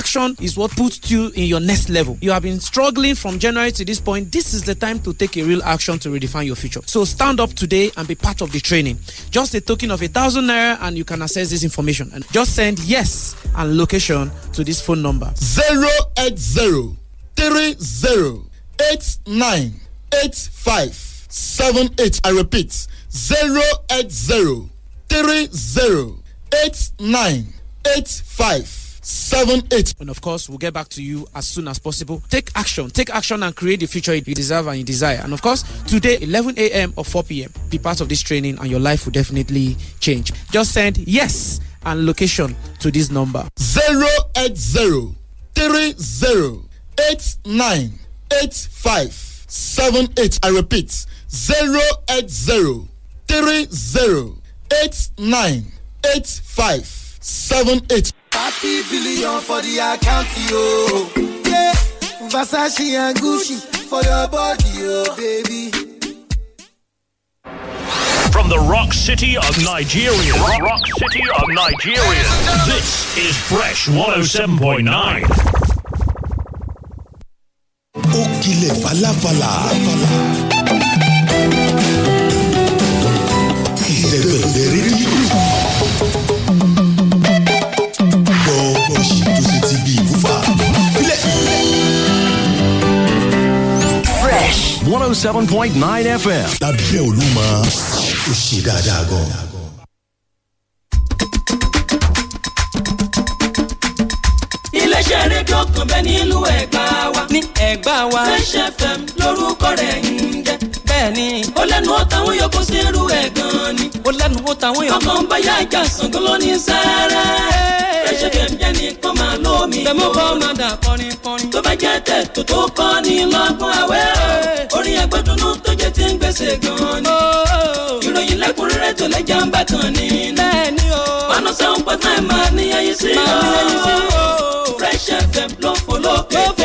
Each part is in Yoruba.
action is what puts you in your next level. You have been struggling from January to this point. This is the time to take a real action to redefine your future. So stand up today and be part of the training. Just a token of a thousand naira and you can access this information. And just send yes and location to this phone number. 080 I repeat zero eight zero three zero eight nine eight five seven eight. And of course, we'll get back to you as soon as possible. Take action, take action, and create the future you deserve and you desire. And of course, today 11 a.m. or 4 p.m. Be part of this training, and your life will definitely change. Just send yes and location to this number zero eight zero three zero eight nine eight five seven eight. I repeat zero eight zero three zero eight nine eight five seven eight. 30 billion for the account, yo. Yeah, Versace and Gucci for your body, yo, baby. From the rock city of Nigeria, rock, city of Nigeria, this is Fresh 107.9. Ó kilẹ̀ falafala. Ìdẹ̀gbẹ̀dẹ̀ rírí. Fresh 107.9 FM. Lábẹ́ Olúmọ, ó ṣe dáadáa gan iléeṣẹ́ rédíò kan bẹ́ẹ̀ nílùú Ẹ̀gbá wa. ní Ẹ̀gbá wa. Fresh FM lórúkọ rẹ̀ ń jẹ́ bẹ́ẹ̀ni. ó lẹ́nu ó tàwọn yòókù sí irú ẹ̀ ni. ó lẹ́nu ó tàwọn yòókù. ọkàn bá yá ìjà Ṣàngó lónìí sáárẹ̀. Fresh FM jẹ́ ní kọ́ máa lómi. Tẹ̀mú kọ́ máa dà kọrin kọrin. Tó bá jẹ́ tẹ̀ tó tó kọ́ ni lọ́gbọ́n àwẹ̀. Orin ẹgbẹ́dúnú tó jẹ́ ti ń gbèsè gan ni. Ìròyìn lẹ́kùnrẹ́rẹ́ tó lẹ́jà ń bá kan ni. Bẹ́ẹ̀ni o. Pánọ́sẹ̀ ń pọ́tà máa níyẹn yìí sí. Máa níyẹn yìí sí. Fresh FM ló fò lókè.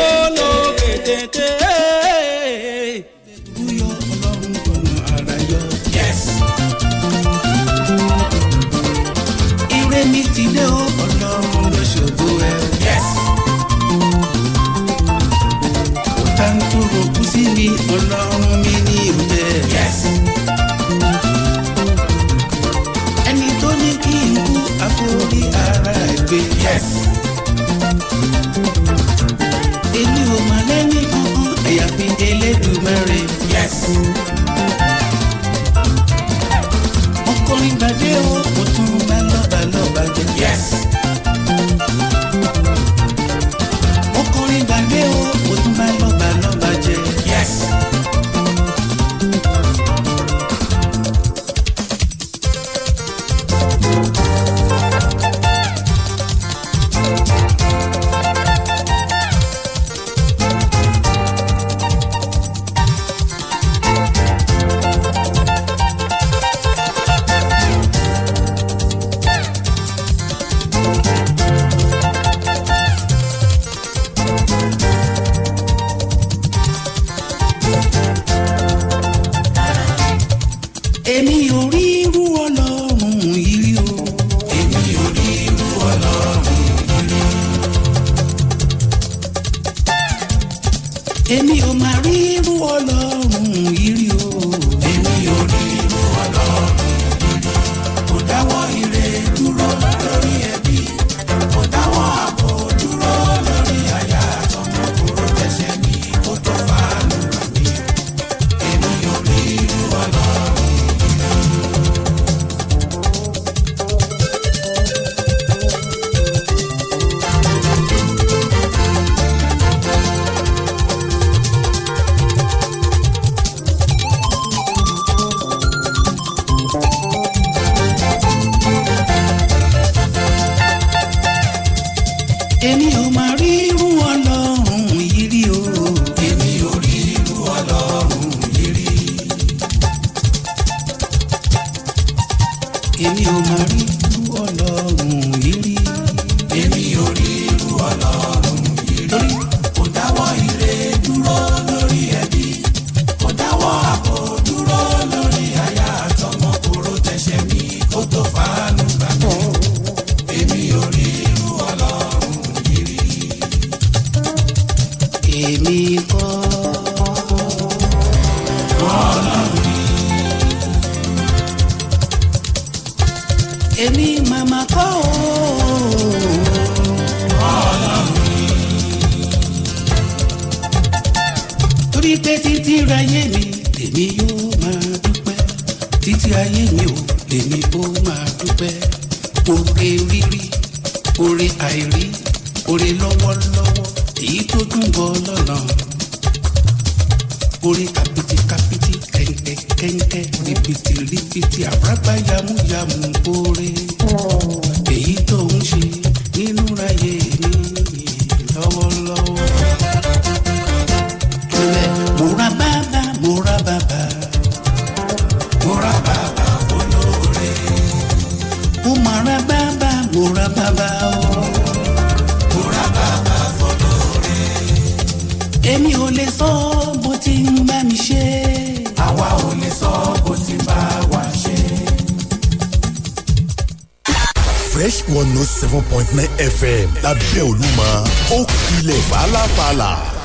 èmi ò máa rí irú ọlọ́run yìí rí. rìbìtì àbágbá yàmúyàmú kórè èyí tó ń ṣe nínú ayé mi lọ́wọ́lọ́wọ́. one oh seven point nine fm lábẹ́ Olúmọ ó kilẹ̀ fàlàfàlà.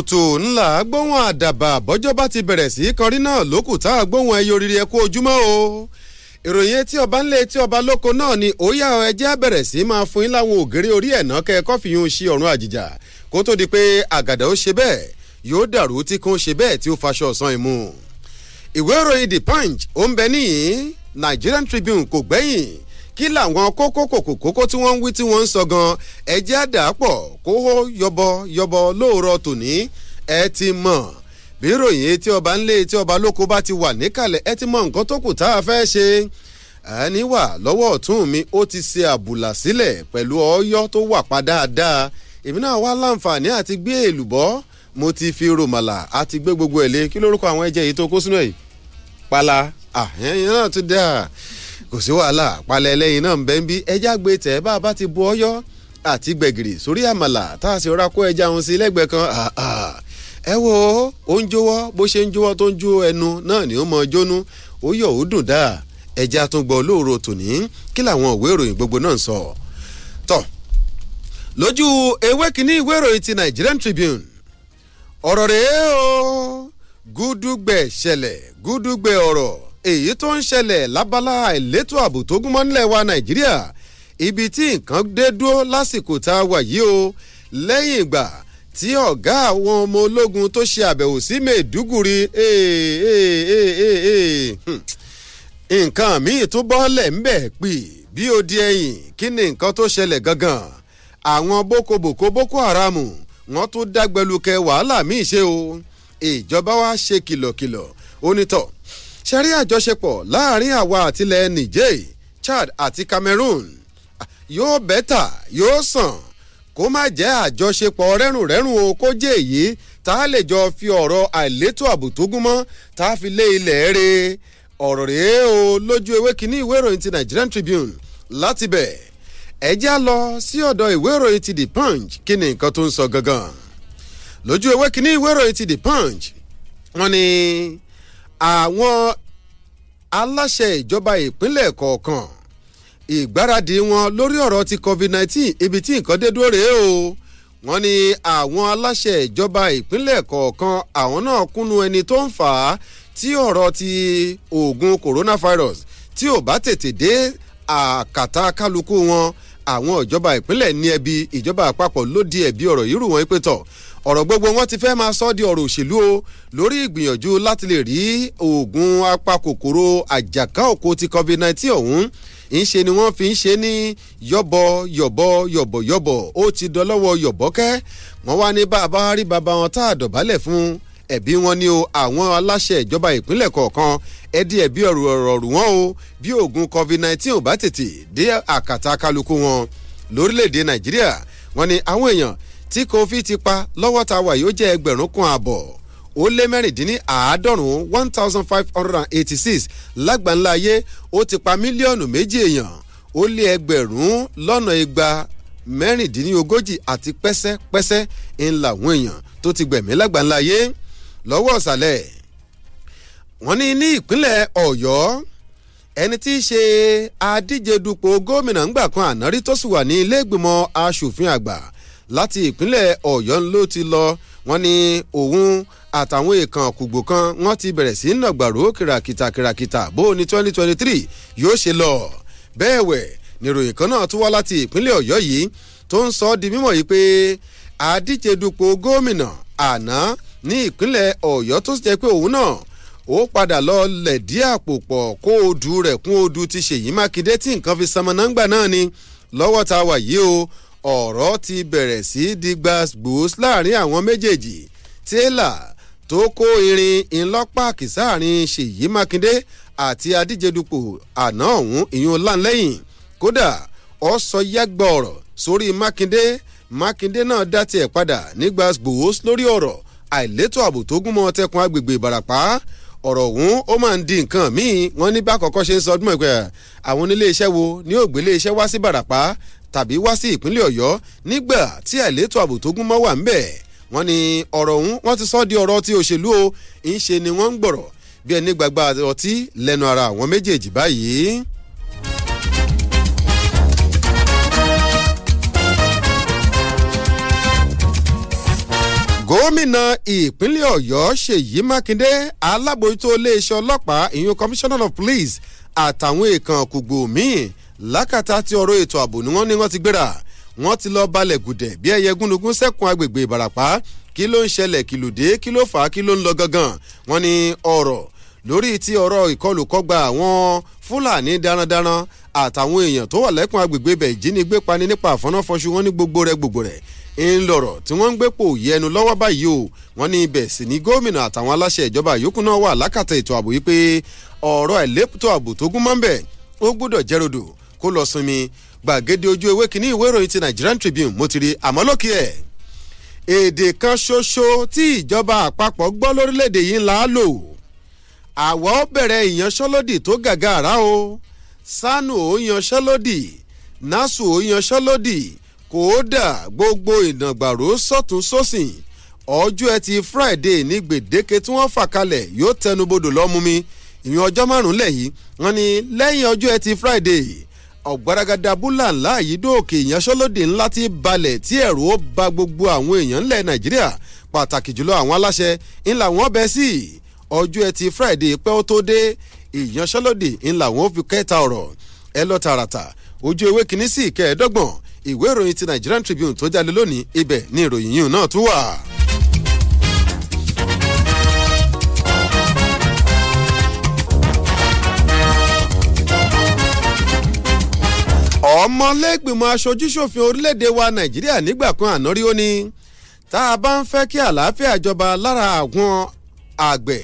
kùtùkùtù ńlá gbóhùn àdàbà bọ́jọ́ bá ti bẹ̀rẹ̀ sí í kọrí náà lókù tá a gbóhùn ẹyọ rírì ẹkú ojúmọ́ o ìròyìn etí ọba ńlẹ̀ etí ọba lóko náà ni òòyà ẹjẹ́ bẹ̀rẹ̀ sí máa fún yín láwọn ògèrè orí ẹ̀nà kẹ́ẹ̀kọ́ fi yún un sí ọ̀run àjìjà kó tó di pé àgàdà ó ṣe bẹ́ẹ̀ yóò dàrú tí kò ṣe bẹ́ẹ̀ tí ó faṣọ ọ̀sán ìmú. ìwé ìròyìn the punch ó ń bẹ níyìn Nigerian Tribune kò gbẹ́yìn kí làwọn kókó kòkó kókó tí wọ́n ń wí tí wọ́n ń sọ gan ẹjẹ́ àdàpọ̀ kó yọbọ yọbọ lóòrọ̀ tòní ẹ ti mọ̀ bí ròyìn etí ọba ńlé etí ọba lóko bá ti wà níkàlẹ̀ ẹ ti mọ nǹkan tó kù tá a fẹ́ ṣe ẹni wà lọ́wọ́ ọ̀tún mi ó ti ṣe àbùlà sílẹ̀ pẹ̀lú ọyọ́ tó wà pa dáadáa èmi náà wá láǹfààní àti gbé èlùbọ́ mo ti fi ròmàlà àti gbé gbogbo ẹ̀ lé kí lórúkọ àwọn ẹ̀jẹ̀ yìí tó kó sínú ẹ̀ pala àhẹ́yìn ah, náà ti dáa kò sí wàhálà palẹ̀ ẹlẹ́yin náà ń bẹ́ ń bí ẹja gbé tẹ̀ bá a bá ti bu ọyọ́ àti gbẹ̀gìrì sórí àmàlà tá a sì rọra kó ẹja òun sí lẹ́gbẹ̀ẹ́ kan ẹ wo ó ń jówọ́ bó ṣe ń jówọ́ tó ń jó ẹnu náà ni ó mọ jónú ó yọ̀ ó dùn dáa ẹja tún gbọ́ olóòrò tòní kí làwọn òwe ìròyìn gbogbo náà sọ tọ́ lójú ewé kínní ìwé ìròyìn ti Nigerian Tribune ọ̀rọ̀ rèé o gúdúgbẹ̀ ṣẹlẹ̀ gúdúgbẹ̀ ọ̀rọ̀ èyí tó ń ṣẹlẹ̀ lábala àìlétò ààbò tó gúnmọ́ nílẹ̀ wa nàìjíríà ibi tí nǹkan dé dúró lásìkò tá a wà yìí o lẹ́yìn ìgbà tí ọ̀gá àwọn ọmọ ológun tó ṣe àbẹ̀wò sí mẹ́ẹ̀dúgùrì eh, eh, eh, hmm, nǹkan míì tún bọ́ ń bẹ̀ pì bí ó ẹ̀yìn kí ni nǹkan tó ṣẹlẹ̀ gangan àwọn boko boko boko haram wọ́n tún dágbẹ́lukẹ wàhálà míì ṣe o ìjọba wa ṣe kìlọ̀kìlọ̀ onítọ̀ ṣe rí àjọṣepọ̀ láàrin àwa àtilẹ̀ Niger Chad àti Cameroon yóò bẹ́tà yóò sàn kó má jẹ́ àjọṣepọ̀ rẹ́rùnrẹ́rùn o kó jẹ́ èyí tá a lè jọ fi ọ̀rọ̀ àìlétò ààbò tó gún mọ́ tá a fi lé ilẹ̀ re ọ̀rọ̀ rèé o lójú ewé kínní ìwé ìròyìn ti Nigerian Tribune láti bẹ̀ ẹ já lọ sí ọ̀dọ̀ ìwé ìròyìn ti The Punch kí ni nǹkan tó ń sọ gangan lójú ewé kínní ìwé ìròyìn ti The Punch wọ́n ní. Ni àwọn aláṣẹ ìjọba ìpínlẹ̀ kọ̀ọ̀kan ìgbáradì wọn lórí ọ̀rọ̀ ti covid-19 ibi tí nǹkan dé dúró rèé o wọ́n ní àwọn aláṣẹ ìjọba ìpínlẹ̀ kọ̀ọ̀kan àwọn náà kúnnu ẹni tó ń fà á tí ọ̀rọ̀ ti oògùn coronavirus tí ò bá tètè dé àkàtà kálukú wọn àwọn ìjọba ìpínlẹ̀ ní ẹ̀bi ìjọba àpapọ̀ ló di ọ̀rọ̀ yìí rù wọ́n pé tọ̀ ọ̀rọ̀ gbogbo wọn ti fẹ́ máa sọ di ọ̀rọ̀ òṣèlú o lórí ìgbìyànjú láti lè rí oògùn apakòkòrò àjàká òkò ti covid-19 ọ̀hún ńṣe ni wọ́n fi ń ṣe ní yọ̀bọ̀ yọ̀bọ̀ yọ̀bọ̀ yọ̀bọ̀ ó ti dọlọ́wọ́ yọ̀bọ̀kẹ́ wọ́n wá ní bàbá rí bàbá wọn tá a dọ̀bálẹ̀ fún ẹ̀bí wọn ni o àwọn aláṣẹ ìjọba ìpínlẹ̀ kọ̀ọ̀kan ẹ̀dí ẹ̀bí ọ̀rọ̀ ọ̀rọ̀ rù o bí oògùn covid-19 ò bá tètè dé àkàtà kálukú wọn lórílẹ̀‐èdè nàìjíríà wọ́n ní àwọn èèyàn tí Covid ti pa lọ́wọ́ ta wà yóò jẹ́ ẹgbẹ̀rún kan ààbọ̀ ó lé mẹ́rìndínní àádọ́rùn-ún one thousand five hundred and eighty six lágbàńlá ayé ó ti pa mílíọ̀nù méjì èèyàn ó lé ẹgbẹ̀rún lọ́nà igba mẹ́rìndínlógójì àti pẹ́sẹ́pẹ́sẹ́ ń làwọn èèyàn tó ti gbẹ̀mí lágbàńlá ayé lọ́wọ́ ọ̀sàlẹ̀ wọ́n ní ní ìpínlẹ̀ ọ̀yọ́ ẹni tí í ṣe adíje gómìnà ńgbà kan ànárí tó sì wà ní ilé ìgbìmọ̀ asòfin àgbà láti ìpínlẹ̀ ọ̀yọ́ ló ti lọ wọn ni òun àtàwọn èèkàn kùgbò kan wọn ti bẹ̀rẹ̀ sí nàgbàrò kìràkìtà kìràkìtà bó ní twenty twenty three yóò ṣe lọ bẹ́ẹ̀ wẹ̀ níròyìn kan náà tún wá láti ìpínlẹ̀ ọ̀yọ́ yìí tó ń sọ di mímọ̀ yìí pé àdíje dupò gómìnà àná ní ìpínlẹ̀ ọ̀yọ́ tó sì jẹ́ pé òun náà ó padà lọ lẹ̀dí àpò pọ̀ kó odù rẹ̀ kún odù ti ṣèyí mákindé tí nǹkan fi sanmọ́nàgbà náà ni lọ́wọ́ ta wà yìí o ọ̀rọ̀ ti bẹ̀rẹ̀ sí di gbàgbós láàrin àwọn méjèèjì tẹ́lá tó kó irin ńlọ́pàkì sáàrin ṣèyí mákindé àti adíjedupò àná ọ̀hún ìyún ọláńlẹ́yìn kódà ó sọ yàgbọ́ ọ̀rọ̀ sórí mákindé mákindé náà dá tiẹ̀ padà ní gbàgbós lórí ọ̀rọ̀ àìlétò ààbò tó gúnmọ́ tẹkùn agbègbè ìbàràpá ọ̀rọ̀ ọ̀hún ó máa ń di nǹkan míì wọ́n ní bá kọ́kọ́ ṣe ń sọ ọdún ẹ̀pẹ́ àwọn oníléeṣẹ́ wo ní ògbéléeṣẹ́ wá sí ìbàràpá tàbí wá sí ìpínlẹ̀ ọ̀yọ́ nígbà tí àìlétò ààbò tó gúnmọ́ wà ń bẹ̀ wọ́n ní ọ̀rọ̀ ọ̀hún wọ́n ti sọ di ọ̀rọ̀ ti òṣèlú o ń ṣe ni wọ́n ń gbọ̀rọ̀ bí ẹni gbàgbà ọtí lẹ́nu ara àwọn méjèèjì báyìí. gómìnà ìpínlẹ̀ ọ̀yọ́ ṣèyí mákindé alábòójútó iléeṣẹ́ ọlọ́pàá ìyún commissioner of police àtàwọn èèkàn kùgbò míì lákàtà tí ọ̀rọ̀ ètò ààbò ni wọ́n ní wọ́n ti gbéra wọ́n ti lọ balẹ̀ gùdẹ̀ bí ẹyẹ gúnugún sẹ́kùn agbègbè ìbàràpá kí ló ń ṣẹlẹ̀ kí ló dé kí ló fà á kí ló ń lọ gangan wọ́n ní ọ̀rọ̀ lórí ti ọ̀rọ̀ ìkọlùkọgba àwọn fúlàní darandaran àtàwọn èèyàn tó wà lẹ́kùn agbègbè ibẹ̀ ìjínigbé pani nípa àfọ́náfọ́sù wọn ní gbogbo rẹ gbogbo rẹ̀ ń lọ̀rọ̀ tí wọ́n ń gbé pò yẹnu lọ́wọ́ báyìí o wọ́n ní ibẹ̀ sì ní gómìnà àtàwọn aláṣẹ ìjọba yòókù náà wà lákàtà ètò ààbò yìí pé ọ̀rọ̀ àìlépùtò ààbò tó gún mọ́ ń bẹ̀ ó gbọ́dọ̀ jẹ́rọ̀dọ̀ kó lọ sinmi gbàgede ojú ewé kínní ìwé ìròyìn ti Nigerian Tribune mo ti rí àmọ́ lókè ẹ̀ èdè kan ṣoṣo tí ìjọba àpapọ̀ gbọ́ lórílẹ̀‐èdè yìí ńlá lò àwọ̀ bẹ̀rẹ̀ ìyanṣẹ́lódì tó gàgà rà o sanu ò yanṣẹ́lódì nasu ò yanṣẹ́lódì kódà gbogbo ìnàgbàrò sọ́tún sósìn ọjọ́ ẹtì Friday ní gbèdéke tí wọ́n fà kalẹ̀ yóò tẹnubodò lọ́mú mi ìyẹn ọjọ́ márùn-ún lẹ́yìn wọ́n ní lẹ́yìn ọjọ́ ẹtì Friday ọ̀gbáragada búláńlá yìí dóòkè ìyanṣẹ́lódì ńlá ti balẹ̀ tí ẹ̀rù ó ba gbogbo àwọn èèyàn ńlẹ̀ nàìjíríà pàtàkì jùlọ àwọn aláṣẹ ńlá wọn bẹ́ sí ọjọ́ ẹtì friday pẹ́ ó tó dé ìyanṣẹ́lódì ńlá wọn fi kẹta ọ̀rọ̀ ẹ lọ tààràtà ojú ewé kínní sí ìkẹẹ̀ẹ́dọ́gbọ̀n ìwé ìròyìn ti nigerian tribune tó jáde lónìí ibẹ̀ ni ìròyìn yìí náà tún wà. ọmọlẹ́gbìmọ̀ aṣojúṣòfin orílẹ̀-èdè wa nàìjíríà nígbà kan àná rí ó ní tá a bá ń fẹ́ kí àlàáfíà jọba lára àwọn àgbẹ̀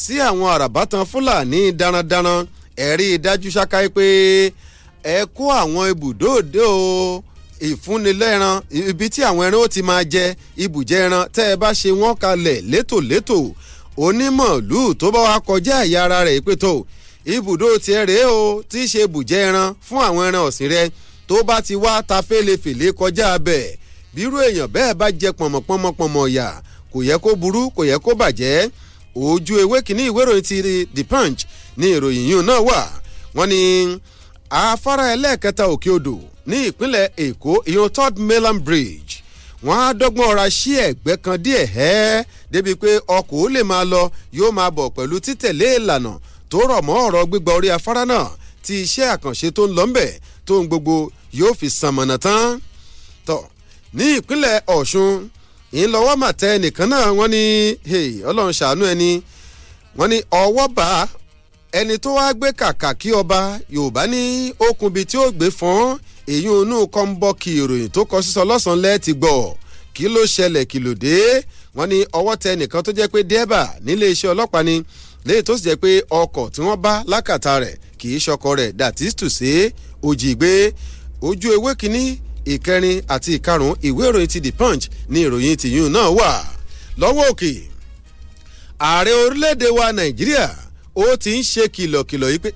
sí àwọn àràbátan fúlàní darandaran ẹ̀rí dájú ṣáká pé ẹ kó àwọn ibùdóòdó o ìfúnnilẹ́ran ibi tí àwọn ẹran ó ti máa jẹ ibùjẹ ẹran tẹ́ ẹ bá ṣe wọ́n kalẹ̀ létòlétò onímọ̀lú tó bá wa kọjá ẹ̀yà ara rẹ̀ pé tó ibùdó tiẹ̀ rèé o tí í ṣe bùjẹ́ ẹran fún àwọn ẹran ọ̀sìn rẹ tó bá ti wá ta fèlèfèlè kọjá abẹ bírú èèyàn bẹ́ẹ̀ bá jẹ pọ̀mọ̀pọ̀mọ̀pọ̀mọ̀ ọ̀yà kò yẹ kó burú kò yẹ kó bàjẹ́ ojú ewé kìíní ìwé ìròyìn ti the punch ni ìròyìn yìí náà wà wọ́n ní afárá ẹlẹ́ẹ̀kẹta òkè odò ní ìpínlẹ̀ èkó ìyọ̀n third mainland bridge wọ́n á dọ́gbọ́n ọ̀ra sí ẹ̀gbẹ́ kan díẹ̀ ẹ́ débi pé ọkọ̀ ó lè máa lọ yóò máa bọ̀ pẹ̀lú títẹ̀lé ìlànà tó rọ̀ mọ́ ọ̀rọ̀ gbígba orí afárá náà tí iṣẹ́ àkànṣe tó ń lọ ńbẹ̀ tó ń gbogbo yóò fi sànmọ̀nà tán. tọ́ ní ìpínlẹ̀ ọ̀ṣun ìlọ́wọ́ màtẹ nìkan náà wọ́n ní ọlọ́run ṣàánú ẹni wọ́n ní ọwọ́ bá ẹni tó wáá gbé kàkà kí ọba yorùbá ní okùn bíi tí ó gbé fún èyí onú kan bọ́ kí ìròyìn tó kọ sísọ lọ́sàn-án lẹ́ẹ̀tì gbọ̀ kí ló ṣẹlẹ̀ kí dé wọ́n ní ọwọ́ tẹ nìkan tó jẹ́ pé dẹ́bà nílé iṣẹ́ ọlọ́pàá ni léyìí tó sì jẹ́ pé ọkọ̀ tí wọ́n bá lákàtà rẹ̀ kì í ṣọkọ rẹ̀ that is to say òjì gbé ojú ewé kínní ìkẹrin àti ìkarùn-ún ìwé ìròyìn ti the punch ní ìròyìn tìyún náà wà lọ́wọ́ òkè ààrẹ orílẹ̀-èdè wa nàìjíríà ó ti ń ṣe kìlọ̀kìlọ̀ yìí pé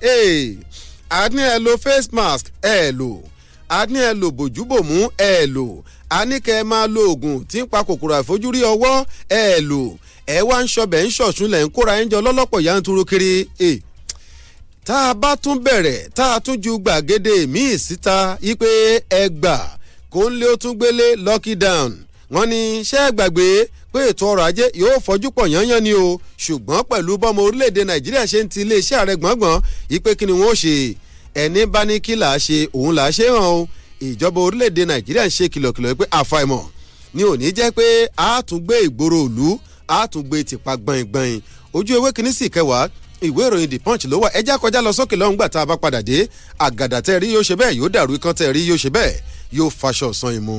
a ní face mask ẹ lò a ní ẹ lò lò a ní kẹ́ ẹ máa lo oògùn tí ń pa kòkòrò àìfojúrí ọwọ́ ẹ lò ẹ wá ń ṣọbẹ̀ ń ṣọ̀ṣun lẹ̀ ń kóra ẹ̀ ń jọ lọ́lọ́pọ̀ yanturu kiri eh tá a bá tún bẹ̀rẹ̀ tá a tún ju gbàgede míì síta yí pé ẹ gbà kó ń lé ó tún gbélé lucky down wọ́n ní ṣẹ́ gbàgbé pé ètò ọrọ̀ ajé yóò fojú pọ̀ yányán ni o ṣùgbọ́n pẹ̀lú bọ́mọ orílẹ̀-èdè nàìjíríà ṣe ń ti iléeṣẹ́ ààrẹ gbọ̀ngbọ̀n yí pé kí ni wọ́n ṣe ẹni bá ní kí làá ṣe òun làá ṣe hàn o ìjọba orílẹ̀-èdè nàìjíríà ń ṣe kìlọ̀kìlọ̀ pé àfàìmọ̀ ni ò ní jẹ́ pé a tún gbé ìgboro òlu a tún gbé tìpa gbọ̀ngbọ̀n ojú ewé kìíní sì kẹwàá ìwé ìròyìn the punch ló wà ẹjá kọjá lọ sókè lọ́hùn gbà tá a bá padà dé àgàdà tẹ́ yóò ṣe bẹ́ẹ̀ yóò dàrú ikán tẹ́ yóò ṣe bẹ́ẹ̀ yóò faṣọ ọ̀sán ìmú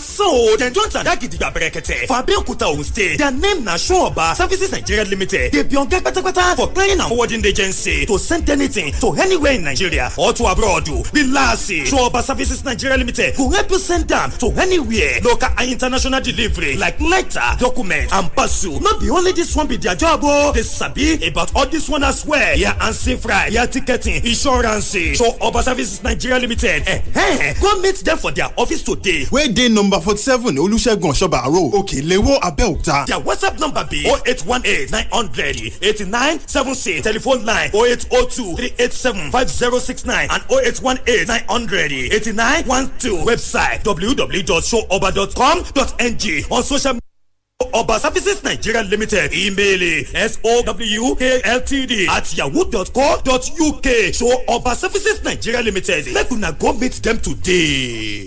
san o dem don tada gidigba bẹ̀rẹ̀kẹ̀tẹ̀ for abeokuta State. their name na sunoba services nigeria limited They be on get pátápátá for clearing and forwarding agency to send anything to anywhere in nigeria or to abroad relax sunoba services nigeria limited go help you send them to anywhere local and international delivery like letter document and parcel no be only this one be their job o oh. they sabi about all this one as well here and fry here ticketing insurance sunoba services nigeria limited eh, eh, eh, go meet them for their office today wey dey number number forty seven olùṣègùn ọ̀ṣọ́bà road òkèléwó abẹ́òkúta. their whatsapp number be oh eight one eight nine hundred eighty nine seven six telephone line oh eight oh two three eight seven five zero six nine and oh eight one eight nine hundred eighty nine one two website www.showoba.com.ng on social media. Oba Services Nigeria Limited email sowkltd at yahoo.co.uk show Oba Services Nigeria Limited. Make una go meet them today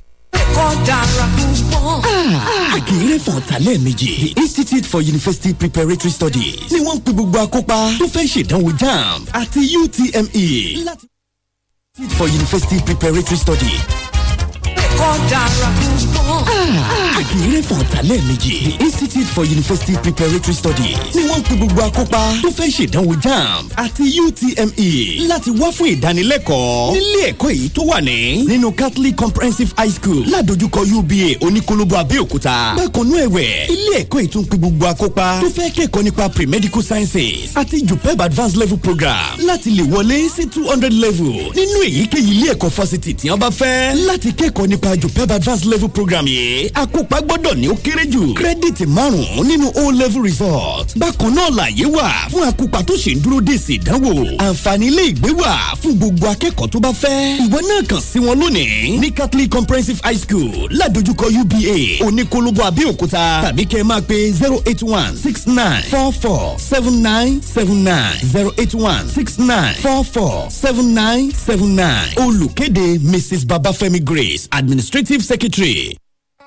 ẹ̀kọ́ dára púpọ̀. Ah, àgèrè fọ̀ǹtà lẹ́ẹ̀mejì the institute for university preparatory studies ni wọ́n ń pe gbogbo akópa tó fẹ́ ṣèdánwò jamb àti utme Institute for university preparatory studies ẹ̀kọ́ dára púpọ̀. àgbèrè fún ọ̀tàlẹ́ méjì institute for university preparatory studies ni wọ́n ń pe gbogbo akópa tó fẹ́ ṣèdánwò jamb àti utme láti wá fún ìdánilẹ́kọ̀ọ́ nílé ẹ̀kọ́ èyí tó wà ní. nínú catholic comprehensive high school ládojúkọ uba oníkólóbó abẹ́òkúta bákan náà ẹ̀wẹ̀ ilé ẹ̀kọ́ èyí tó ń pe gbogbo akópa tó fẹ́ kẹ́kọ̀ọ́ nípa pre-medical sciences àti jupeb advanced level program láti lè wọlé sí two hundred level nínú èyíkéyìí ilé ẹ̀kọ́ fásitì tí wọ́n bá fẹ́ láti kẹ́kọ̀ọ́ nípa àjò pep advance level program yìí akópa gbọ́dọ̀ ní ó kéré jù kírẹ́dìtì márùn-ún nínú o level result bákan náà làyè wà fún akópa tó ṣì ń dúró dé èsì ìdánwò àǹfààní ilé ìgbé wà fún gbogbo akẹ́kọ̀ọ́ tó bá fẹ́ ìwọ náà kàn sí wọn lónìí ní catholic comprehensive high school ládojúkọ uba oníkólóbó abẹ́òkúta tàbí kẹ́ ẹ máa pe zero eight one six nine four four seven nine seven nine zero eight one six nine four four seven nine seven nine olùkéde mrs babafẹ́mi grace adé. Administrative Secretary.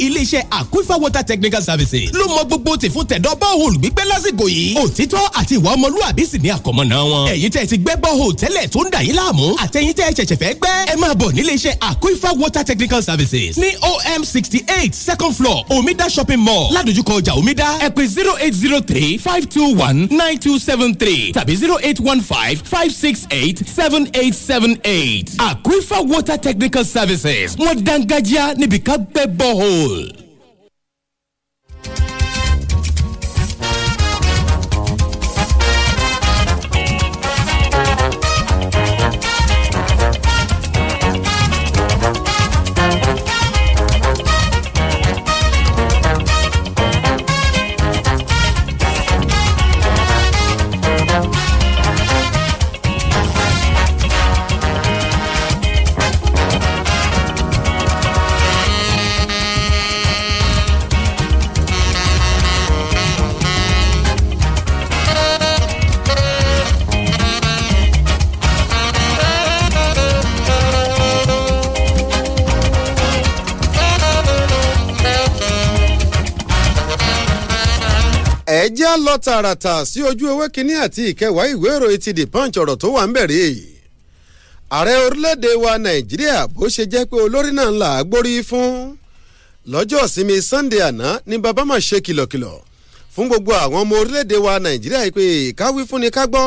iléeṣẹ́ aquifer water technical services ló mọ gbogbo tì fún tẹ̀dọ́ bọ́ọ̀hù gbígbẹ́ lásìkò yìí òtítọ́ àti ìwà ọmọlúwàbí sì ní àkọ́mọ́ná wọn. ẹ̀yin tẹ́ ti gbẹ́ bọ́ọ̀hù tẹ́lẹ̀ tó ń dà yín láàmú àtẹ̀yin tẹ́ ṣẹ̀ṣẹ̀ fẹ́ gbẹ́ ẹ máa bọ̀ níléeṣẹ́ aquifer water technical services ní om sixty eight second floor omida shopping mall ládojúkọ ọjà omida ẹ pè zero eight zero three five two one nine two seven three tàbí zero eight one five five six eight seven eight seven eight aquifer water technical services wọ́n dángájá níbi ká gbẹ́ bọ́ọ̀hù. Roll. lọ tààràtà sí ojú ewé kínní àti ìkẹwàá ìwé ìròyìn ti The Punch ọ̀rọ̀ tó wà ń bẹ̀rẹ̀ èyí ààrẹ orílẹ̀-èdè wa nàìjíríà bó ṣe jẹ́ pé olórí náà là á gbórí fún lọ́jọ́ ìsinmi Sunday àná ni bàbá máa ṣe kìlọ̀kìlọ̀ fún gbogbo àwọn ọmọ orílẹ̀-èdè wa nàìjíríà pé káwí fúnni ká gbọ́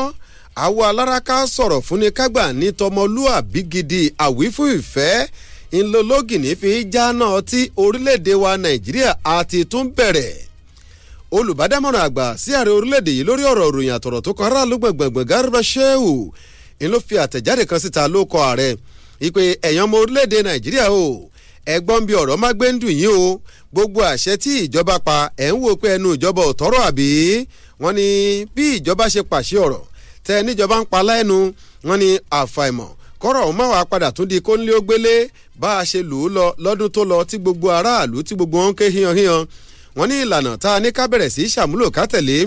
àwọ aláraka sọ̀rọ̀ fúnni ká gbà ní tọmọlúàbí gidi àwífún ìfẹ́ ńlọlọ́gìnì fi jáná tí orílẹ̀-èdè wa nàìjíríà àti tún olùbádámọ̀ràn àgbà sí ààrẹ orílẹ̀-èdè yìí lórí ọ̀rọ̀ òròyìn àtọ̀rọ̀ tó kọ́ aráàlú gbọ̀ngbọ̀ngbọ̀n Garba Shehu ń ló fi àtẹ̀jáde kan síta ló kọ ààrẹ ìpè ẹ̀yàn ọmọ orílẹ̀-èdè Nàìjíríà o ẹ̀gbọ́n bíi ọ̀rọ̀ má gbé ń dùn yín o gbogbo àṣẹ tí ìjọba pa ẹ̀ ń wò pé ẹnu ìjọba ò tọ́rọ̀ àbí wọ́n ní bí ìjọba ṣe pàṣẹ ọ̀rọ̀ tẹ níjọba ń pa lẹ́nu wọ́n ní àfàìmọ̀ kọ́rọ̀ ọ̀hún máa wà padà tún di kónílé ó gbélé bá a ṣe lù ú lọ lọ́dún tó lọ tí gbogbo aráàlú tí gbogbo wọn ké híyanhíyan wọ́n ní ìlànà tá a ní ká bẹ̀rẹ̀ sí í ṣàmúlò ká tẹ̀lé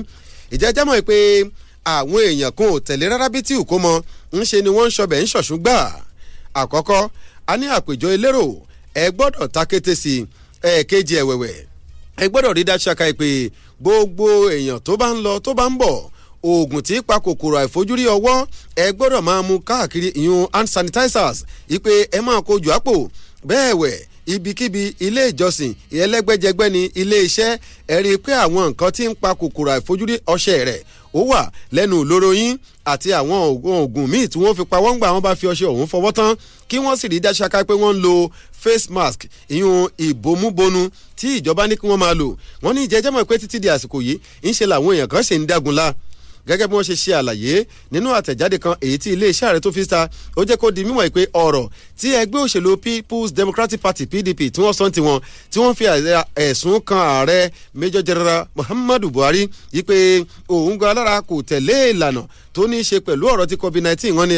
ìjẹ́jẹ́ mọ̀ pé àwọn èèyàn kan ò tẹ̀lé rárá bí tí ò kó mọ ń ṣe ni wọ́n ń ṣọbẹ̀ ń ṣọ̀ṣún gbà àkọ́kọ́ a ní àpèjọ elérò ẹ gbọ́dọ̀ ta kété sí ẹ̀ẹ̀kejì ẹ̀wẹ̀wẹ̀ ẹ gbọ́dọ̀ rí dájú ṣaka pé gbogbo èèyàn tó bá ń lọ tó bá ń bọ̀ oògùn tí pa kòkòrò àìfojúrí ọwọ́ ẹ gbọ́dọ̀ máa mu káàkiri ìyún hand sanitizers ipe ẹ máa kojú àpò bẹ́ẹ̀ wẹ̀ ibikíbi ilé ìjọsìn ìyẹlẹgbẹjẹgbẹ ni ilé iṣẹ́ ẹ̀rí pé àwọn nǹkan tí ń pa kòkòrò àìfojúrí ọṣẹ rẹ̀ ó wà lẹ́nu òlóró yín àti àwọn oògùn míì tí wọ́n fi pa wọ́n gbà wọ́n bá fi ọṣẹ ọ̀hún fọwọ́ tán kí wọ́n sì rí dáṣaká pé wọ́n ń lo face mask ìyún ìbomúbonu tí ìjọba ní kí wọ́n máa lò wọ́n ní ìjẹ́jẹ́mọ̀ pé títí di àsìkò yìí ń ṣe làwọn èèyàn kan ṣe ń dágunlá gẹ́gẹ́ bí wọ́n ṣe ṣe àlàyé nínú àtẹ̀jáde kan èyí tí iléeṣẹ́ ààrẹ tó fi ta ó jẹ́ kó di mímọ̀ pé ọ̀rọ̀ tí ẹgbẹ́ òṣèlú People's Democratic Party PDP tí wọ́n sọ́n tiwọn tí wọ́n fi ẹ̀sùn kan ààrẹ Major General Muhammadu Buhari yí pé òun gan alára kò tẹ̀lé ìlànà tó ní í ṣe pẹ̀lú ọ̀rọ̀ ti COVID-19 wọn ni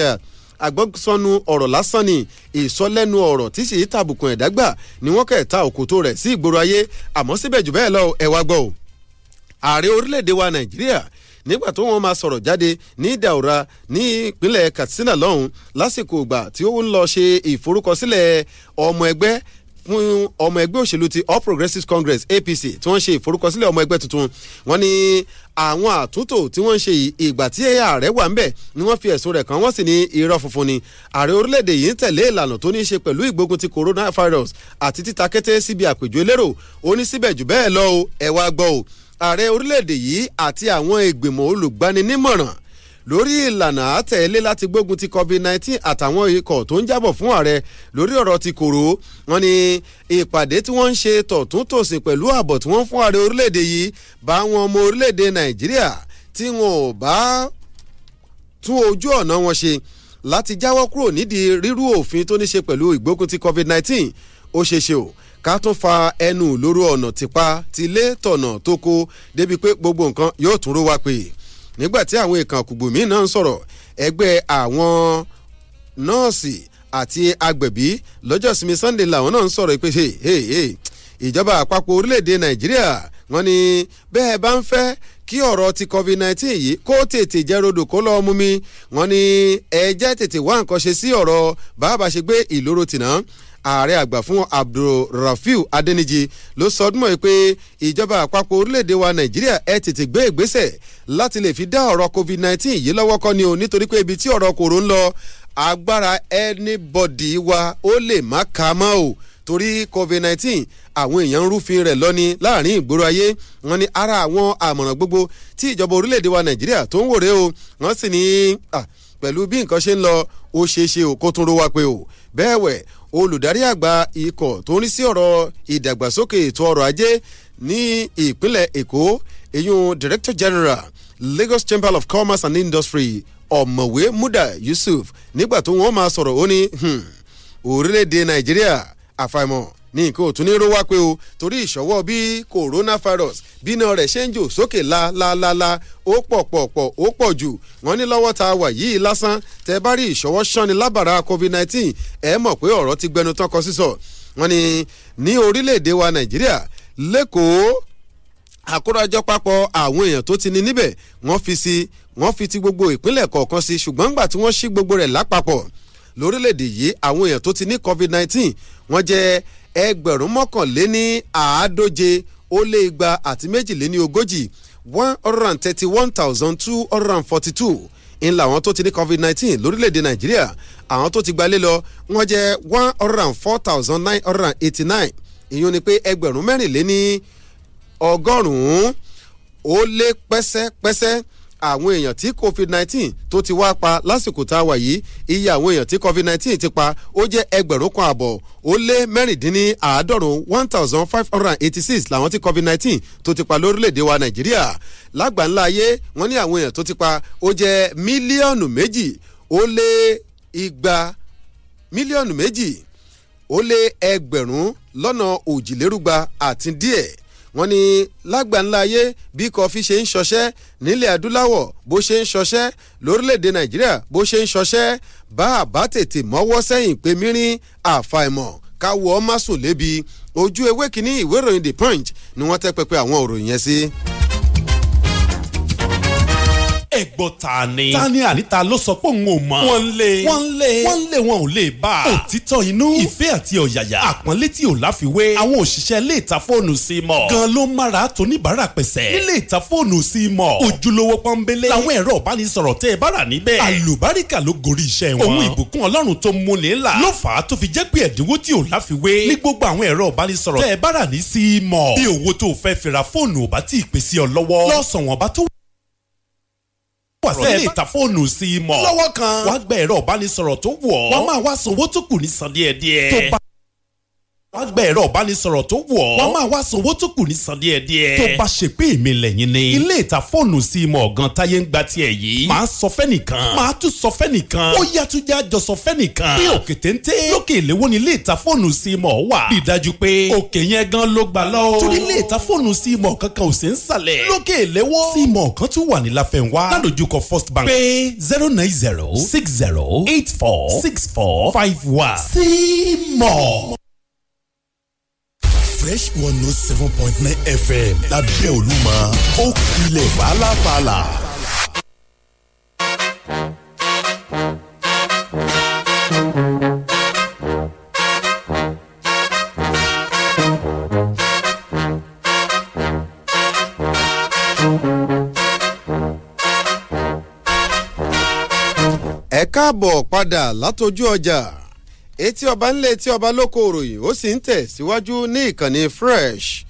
agbọ́sọ́nu ọ̀rọ̀ lásán ni ìsọlẹ́nu ọ̀rọ̀ tí sì í tàbùkùn ẹ̀dágbà ni wọ́n kẹta òkòtó rẹ̀ sí ìgboro ayé àmọ́ síbẹ̀ jù bẹ́ẹ̀ lọ ẹ̀ gbọ́ ààrẹ orílẹ̀-èdè wa Nàìjíríà nígbà tó wọn máa sọ̀rọ̀ jáde ní Daura ní ìpínlẹ̀ Katsina lọ́hùn lásìkò ìgbà tí ó ń lọ ṣe ìforúkọsílẹ̀ ọmọ ẹgbẹ́ fún ọmọ ẹgbẹ́ òṣèlú ti All Progressives Congress APC tí wọ́n ṣe ìforúkọsílẹ̀ ọmọ ẹgbẹ́ tuntun wọ́n ní àwọn àtúntò tí wọ́n ń ṣe yìí ìgbà tí ààrẹ wà ń bẹ̀ ni wọ́n fi ẹ̀sùn rẹ̀ kàn wọ́n sì ní irọ́ funfun ni ààrẹ orílẹ̀-èdè yìí ń tẹ̀lé ìlànà tó ní í ṣe pẹ̀lú ìgbógun ti coronavirus àti títa kété síbi àpèjọ elérò ó ní síbẹ̀ jù bẹ́ẹ̀ lọ o ẹ̀ wá gbọ́ o ààrẹ orílẹ̀-èdè yìí àti àwọn ìgbìmọ̀ olùgbaninímọ̀ràn lórí ìlànà àtẹ̀lé láti gbógun ti covid-19 àtàwọn ikọ̀ tó ń jábọ̀ fún ààrẹ lórí ọ̀rọ̀ ti kòró wọn ni ìpàdé tí wọ́n ń ṣe tọ̀tún tòsì pẹ̀lú ààbọ̀ tí wọ́n ń fún ààrẹ orílẹ̀-èdè yìí bá wọn ọmọ orílẹ̀-èdè nàìjíríà tí wọn ò bá tún ojú ọ̀nà wọn ṣe láti jáwọ́ kúrò nídìí rírú òfin tó ní ṣe pẹ̀lú ìgbógun ti covid-19 ó ṣeéṣe o. She she o ká tún fa ẹnu lóru ọ̀nà tipa ti lé tọ̀nà tó kó débi pé gbogbo nǹkan yóò tún ró wa pè nígbà tí àwọn èèkàn kùgbùmí náà ń sọ̀rọ̀ ẹgbẹ́ àwọn nọ́ọ̀sì àti agbẹ̀bí lọ́jọ́ sinmi sunday làwọn náà ń sọ̀rọ̀ pé ìjọba àpapọ̀ orílẹ̀‐èdè nàìjíríà wọ́n ní bẹ́ẹ̀ bá ń fẹ́ kí ọ̀rọ̀ ti covid-19 yìí kó tètè jẹ́ rodò kó lọ́ọ́ mú mi wọ́n ní ẹ jẹ́ tètè wá nǹkan ṣe sí ọ̀rọ̀ bá ṣe gbé ìlóró tì náà ààrẹ àgbà fún abdulrafiu adeniji ló sọ ọdún mọ́ ẹ pé ìjọba àpapọ̀ orílẹ̀-èdè wa nàìjíríà ẹ tètè gbé ìgbésẹ̀ láti lè fi dá ọ̀rọ̀ covid-19 yìí lọ́wọ́ kọ́ ni o nítorí pé ibi tí ọ̀rọ̀ kòró ń lọ agbára anybody wa ó lè má ka mọ́ o torí covid-19 àwọn èèyàn ń rúfin rẹ̀ lọ́ni láàrin ìgboro ayé wọn ni ara àwọn àmọ̀ràn gbogbo tí ìjọba orílẹ̀-èdè wa nàìjíríà tó ń wòrè o wọ́n sì ní pẹ̀lú bí nǹkan ṣe ń lọ ó ṣeé ṣe òkó tún ro wa pé o bẹ́ẹ̀ wẹ̀ olùdarí àgbà ikọ̀ tó ń rí sí ọ̀rọ̀ ìdàgbàsókè ètò ọrọ̀ ajé ní ìpínlẹ̀ èkó èyún director general lagos chamber of commerce and industry ọ̀mọ̀wé muda yusuf nígbà tó wọ́n máa sọ̀rọ̀ ó ní hmm, orílẹ̀-èdè nàìjíríà àfàìmọ̀ ní nǹkan ò tún ní rówá pé o torí ìṣọwọ́ bí coronavirus bí iná rẹ̀ ṣe ń jò sókè lálálála ó pọ̀ pọ̀ pọ̀ ó pọ̀ jù wọ́n ní lọ́wọ́ tá a wà yìí lásán tẹ́ bá rí ìṣọwọ́ ṣánni lábàrá covid nineteen, ẹ̀ mọ̀ pé ọ̀rọ̀ ti gbẹnu tán kọ sísọ wọ́n ní ní orílẹ̀-èdè wa nàìjíríà lẹ́kọ̀ọ́ àkórajọ papọ̀ àwọn èèyàn tó ti ní níbẹ̀ wọ́n fi sí wọ́n fi ti gbogbo ìpínlẹ̀ kọ̀ọ̀kan sí ṣùgbọ́n ńgbà tí wọ́n ṣí gbogbo rẹ̀ lápapọ̀ lórílẹ̀‐èdè yìí àwọn èèyàn tó ti ní covid nineteen, wọ́n jẹ́ ẹgbẹ̀rún mọ́kànléní àádóje ó lé igba àti méjìléní ogójì one hundred and thirty one thousand two hundred and forty two in làwọn tó ti ní covid nineteen lórílẹ̀‐èdè nàìjíríà àwọn tó ti gbalé lọ wọ́n jẹ́ one hundred and four thousand nine hundred and eighty nine ìyún ni pé ẹgbẹ̀rún mẹ́rìnléní ọgọ́rùn-ún ó lé pẹ́sẹ́pẹ́sẹ́ àwọn èèyàn tí covid nineteen tó ti wá pa lásìkò tá a wà yìí iye àwọn èèyàn tí covid nineteen ti pa ó jẹ́ ẹgbẹ̀rún kan àbọ̀ ó lé mẹ́rìndínláàádọ́rùn one thousand five hundred and eighty six làwọn tí covid nineteen tó ti pa lórílẹ̀‐èdè wa nàìjíríà lágbàńlá ayé wọ́n ní àwọn èèyàn tó ti pa ó jẹ́ mílíọ̀nù méjì ó lé igba mílíọ̀nù méjì ó lé ẹgbẹ̀rún lọ́nà òjìlérúgba àti díẹ̀ wọ́n ní lágbàńlá ayé bí kọfí ṣe ń ṣọṣẹ́ nílẹ̀ adúláwọ̀ bó ṣe ń ṣọṣẹ́ lórílẹ̀‐èdè nàìjíríà bó ṣe ń ṣọṣẹ́ bá àbá tètè mọ́wọ́ sẹ́yìn pé mírín àfàìmọ̀ káwọ́ má sùn lébi ojú ewé kínní ìwé ìròyìn the punch ni wọ́n tẹ́ pẹpẹ àwọn òròyìn yẹn sí. Si ẹ̀gbọ́n ta ni. ta ni àníta ló sọ pé òun ò mọ̀. wọ́n lé wọ́n lé wọ́n lé wọn ò lè bá a. òtítọ́ inú ìfẹ́ àti ọ̀yàyà àpọ́nlé tí ò láfiwé àwọn òṣìṣẹ́ ilé ìta fóònù sí mọ̀. gan ló mára tóníbàárà pẹ̀sẹ̀. nílé ìta fóònù sí mọ̀. ojúlówó pọ́nbélé làwọn ẹ̀rọ ìbánisọ̀rọ̀ tẹ́ ẹ bára níbẹ̀. àlùbáríkà ló gorí iṣẹ́ wọn. òun ìbùkún ọlọ́run la. ló fà á tó fi jẹ́ pé ẹ̀dínwó tí ò láfiwé. ní gbogbo àwọn ẹ̀rọ ìbánisọ̀rọ̀ tẹ́ ẹ bára ní sí mọ̀. bí owó tó tó pàṣẹ ìta fóònù sí i mọ̀ lọ́wọ́ kan wàá gba ẹ̀rọ ìbánisọ̀rọ̀ tó wọ̀ ọ́ wọ́n máa wá sanwó tó kù ní san díẹ̀díẹ̀. tó bá wá gba ẹ̀rọ ìbánisọ̀rọ̀ tó wọ̀ ọ́. wọ́n máa wá sanwó tó kù ní san díẹ̀díẹ̀. tó bá ṣe pé èmi lẹ́yìn ni. ilé ìta fóònù sí ìmọ̀ ọ̀gán táyé ń gba tiẹ̀ yìí. màá sọ fẹ́nìkan. màá tún sọ fẹ́nìkan. ó yá tún já jọ sọ fẹ́nìkan. bí òkè téńté. lókè ìléwó ni ilé ìta fóònù sí ìmọ̀ wà. bí dájú pé òkè yẹn gan ló gbà lọ. first bank. pé zero nine zero six zero eight four six four five one. sí fresh one note oh seven point nine fm lábẹ́ olúmọ ó kilẹ̀ fàlàfàlà. ẹ káàbọ̀ padà látọjú ọjà. etí ọba ńlẹ̀ etí ọba lóko òròyìn ó sì ń tẹ̀ síwájú ní ìkànnì fresh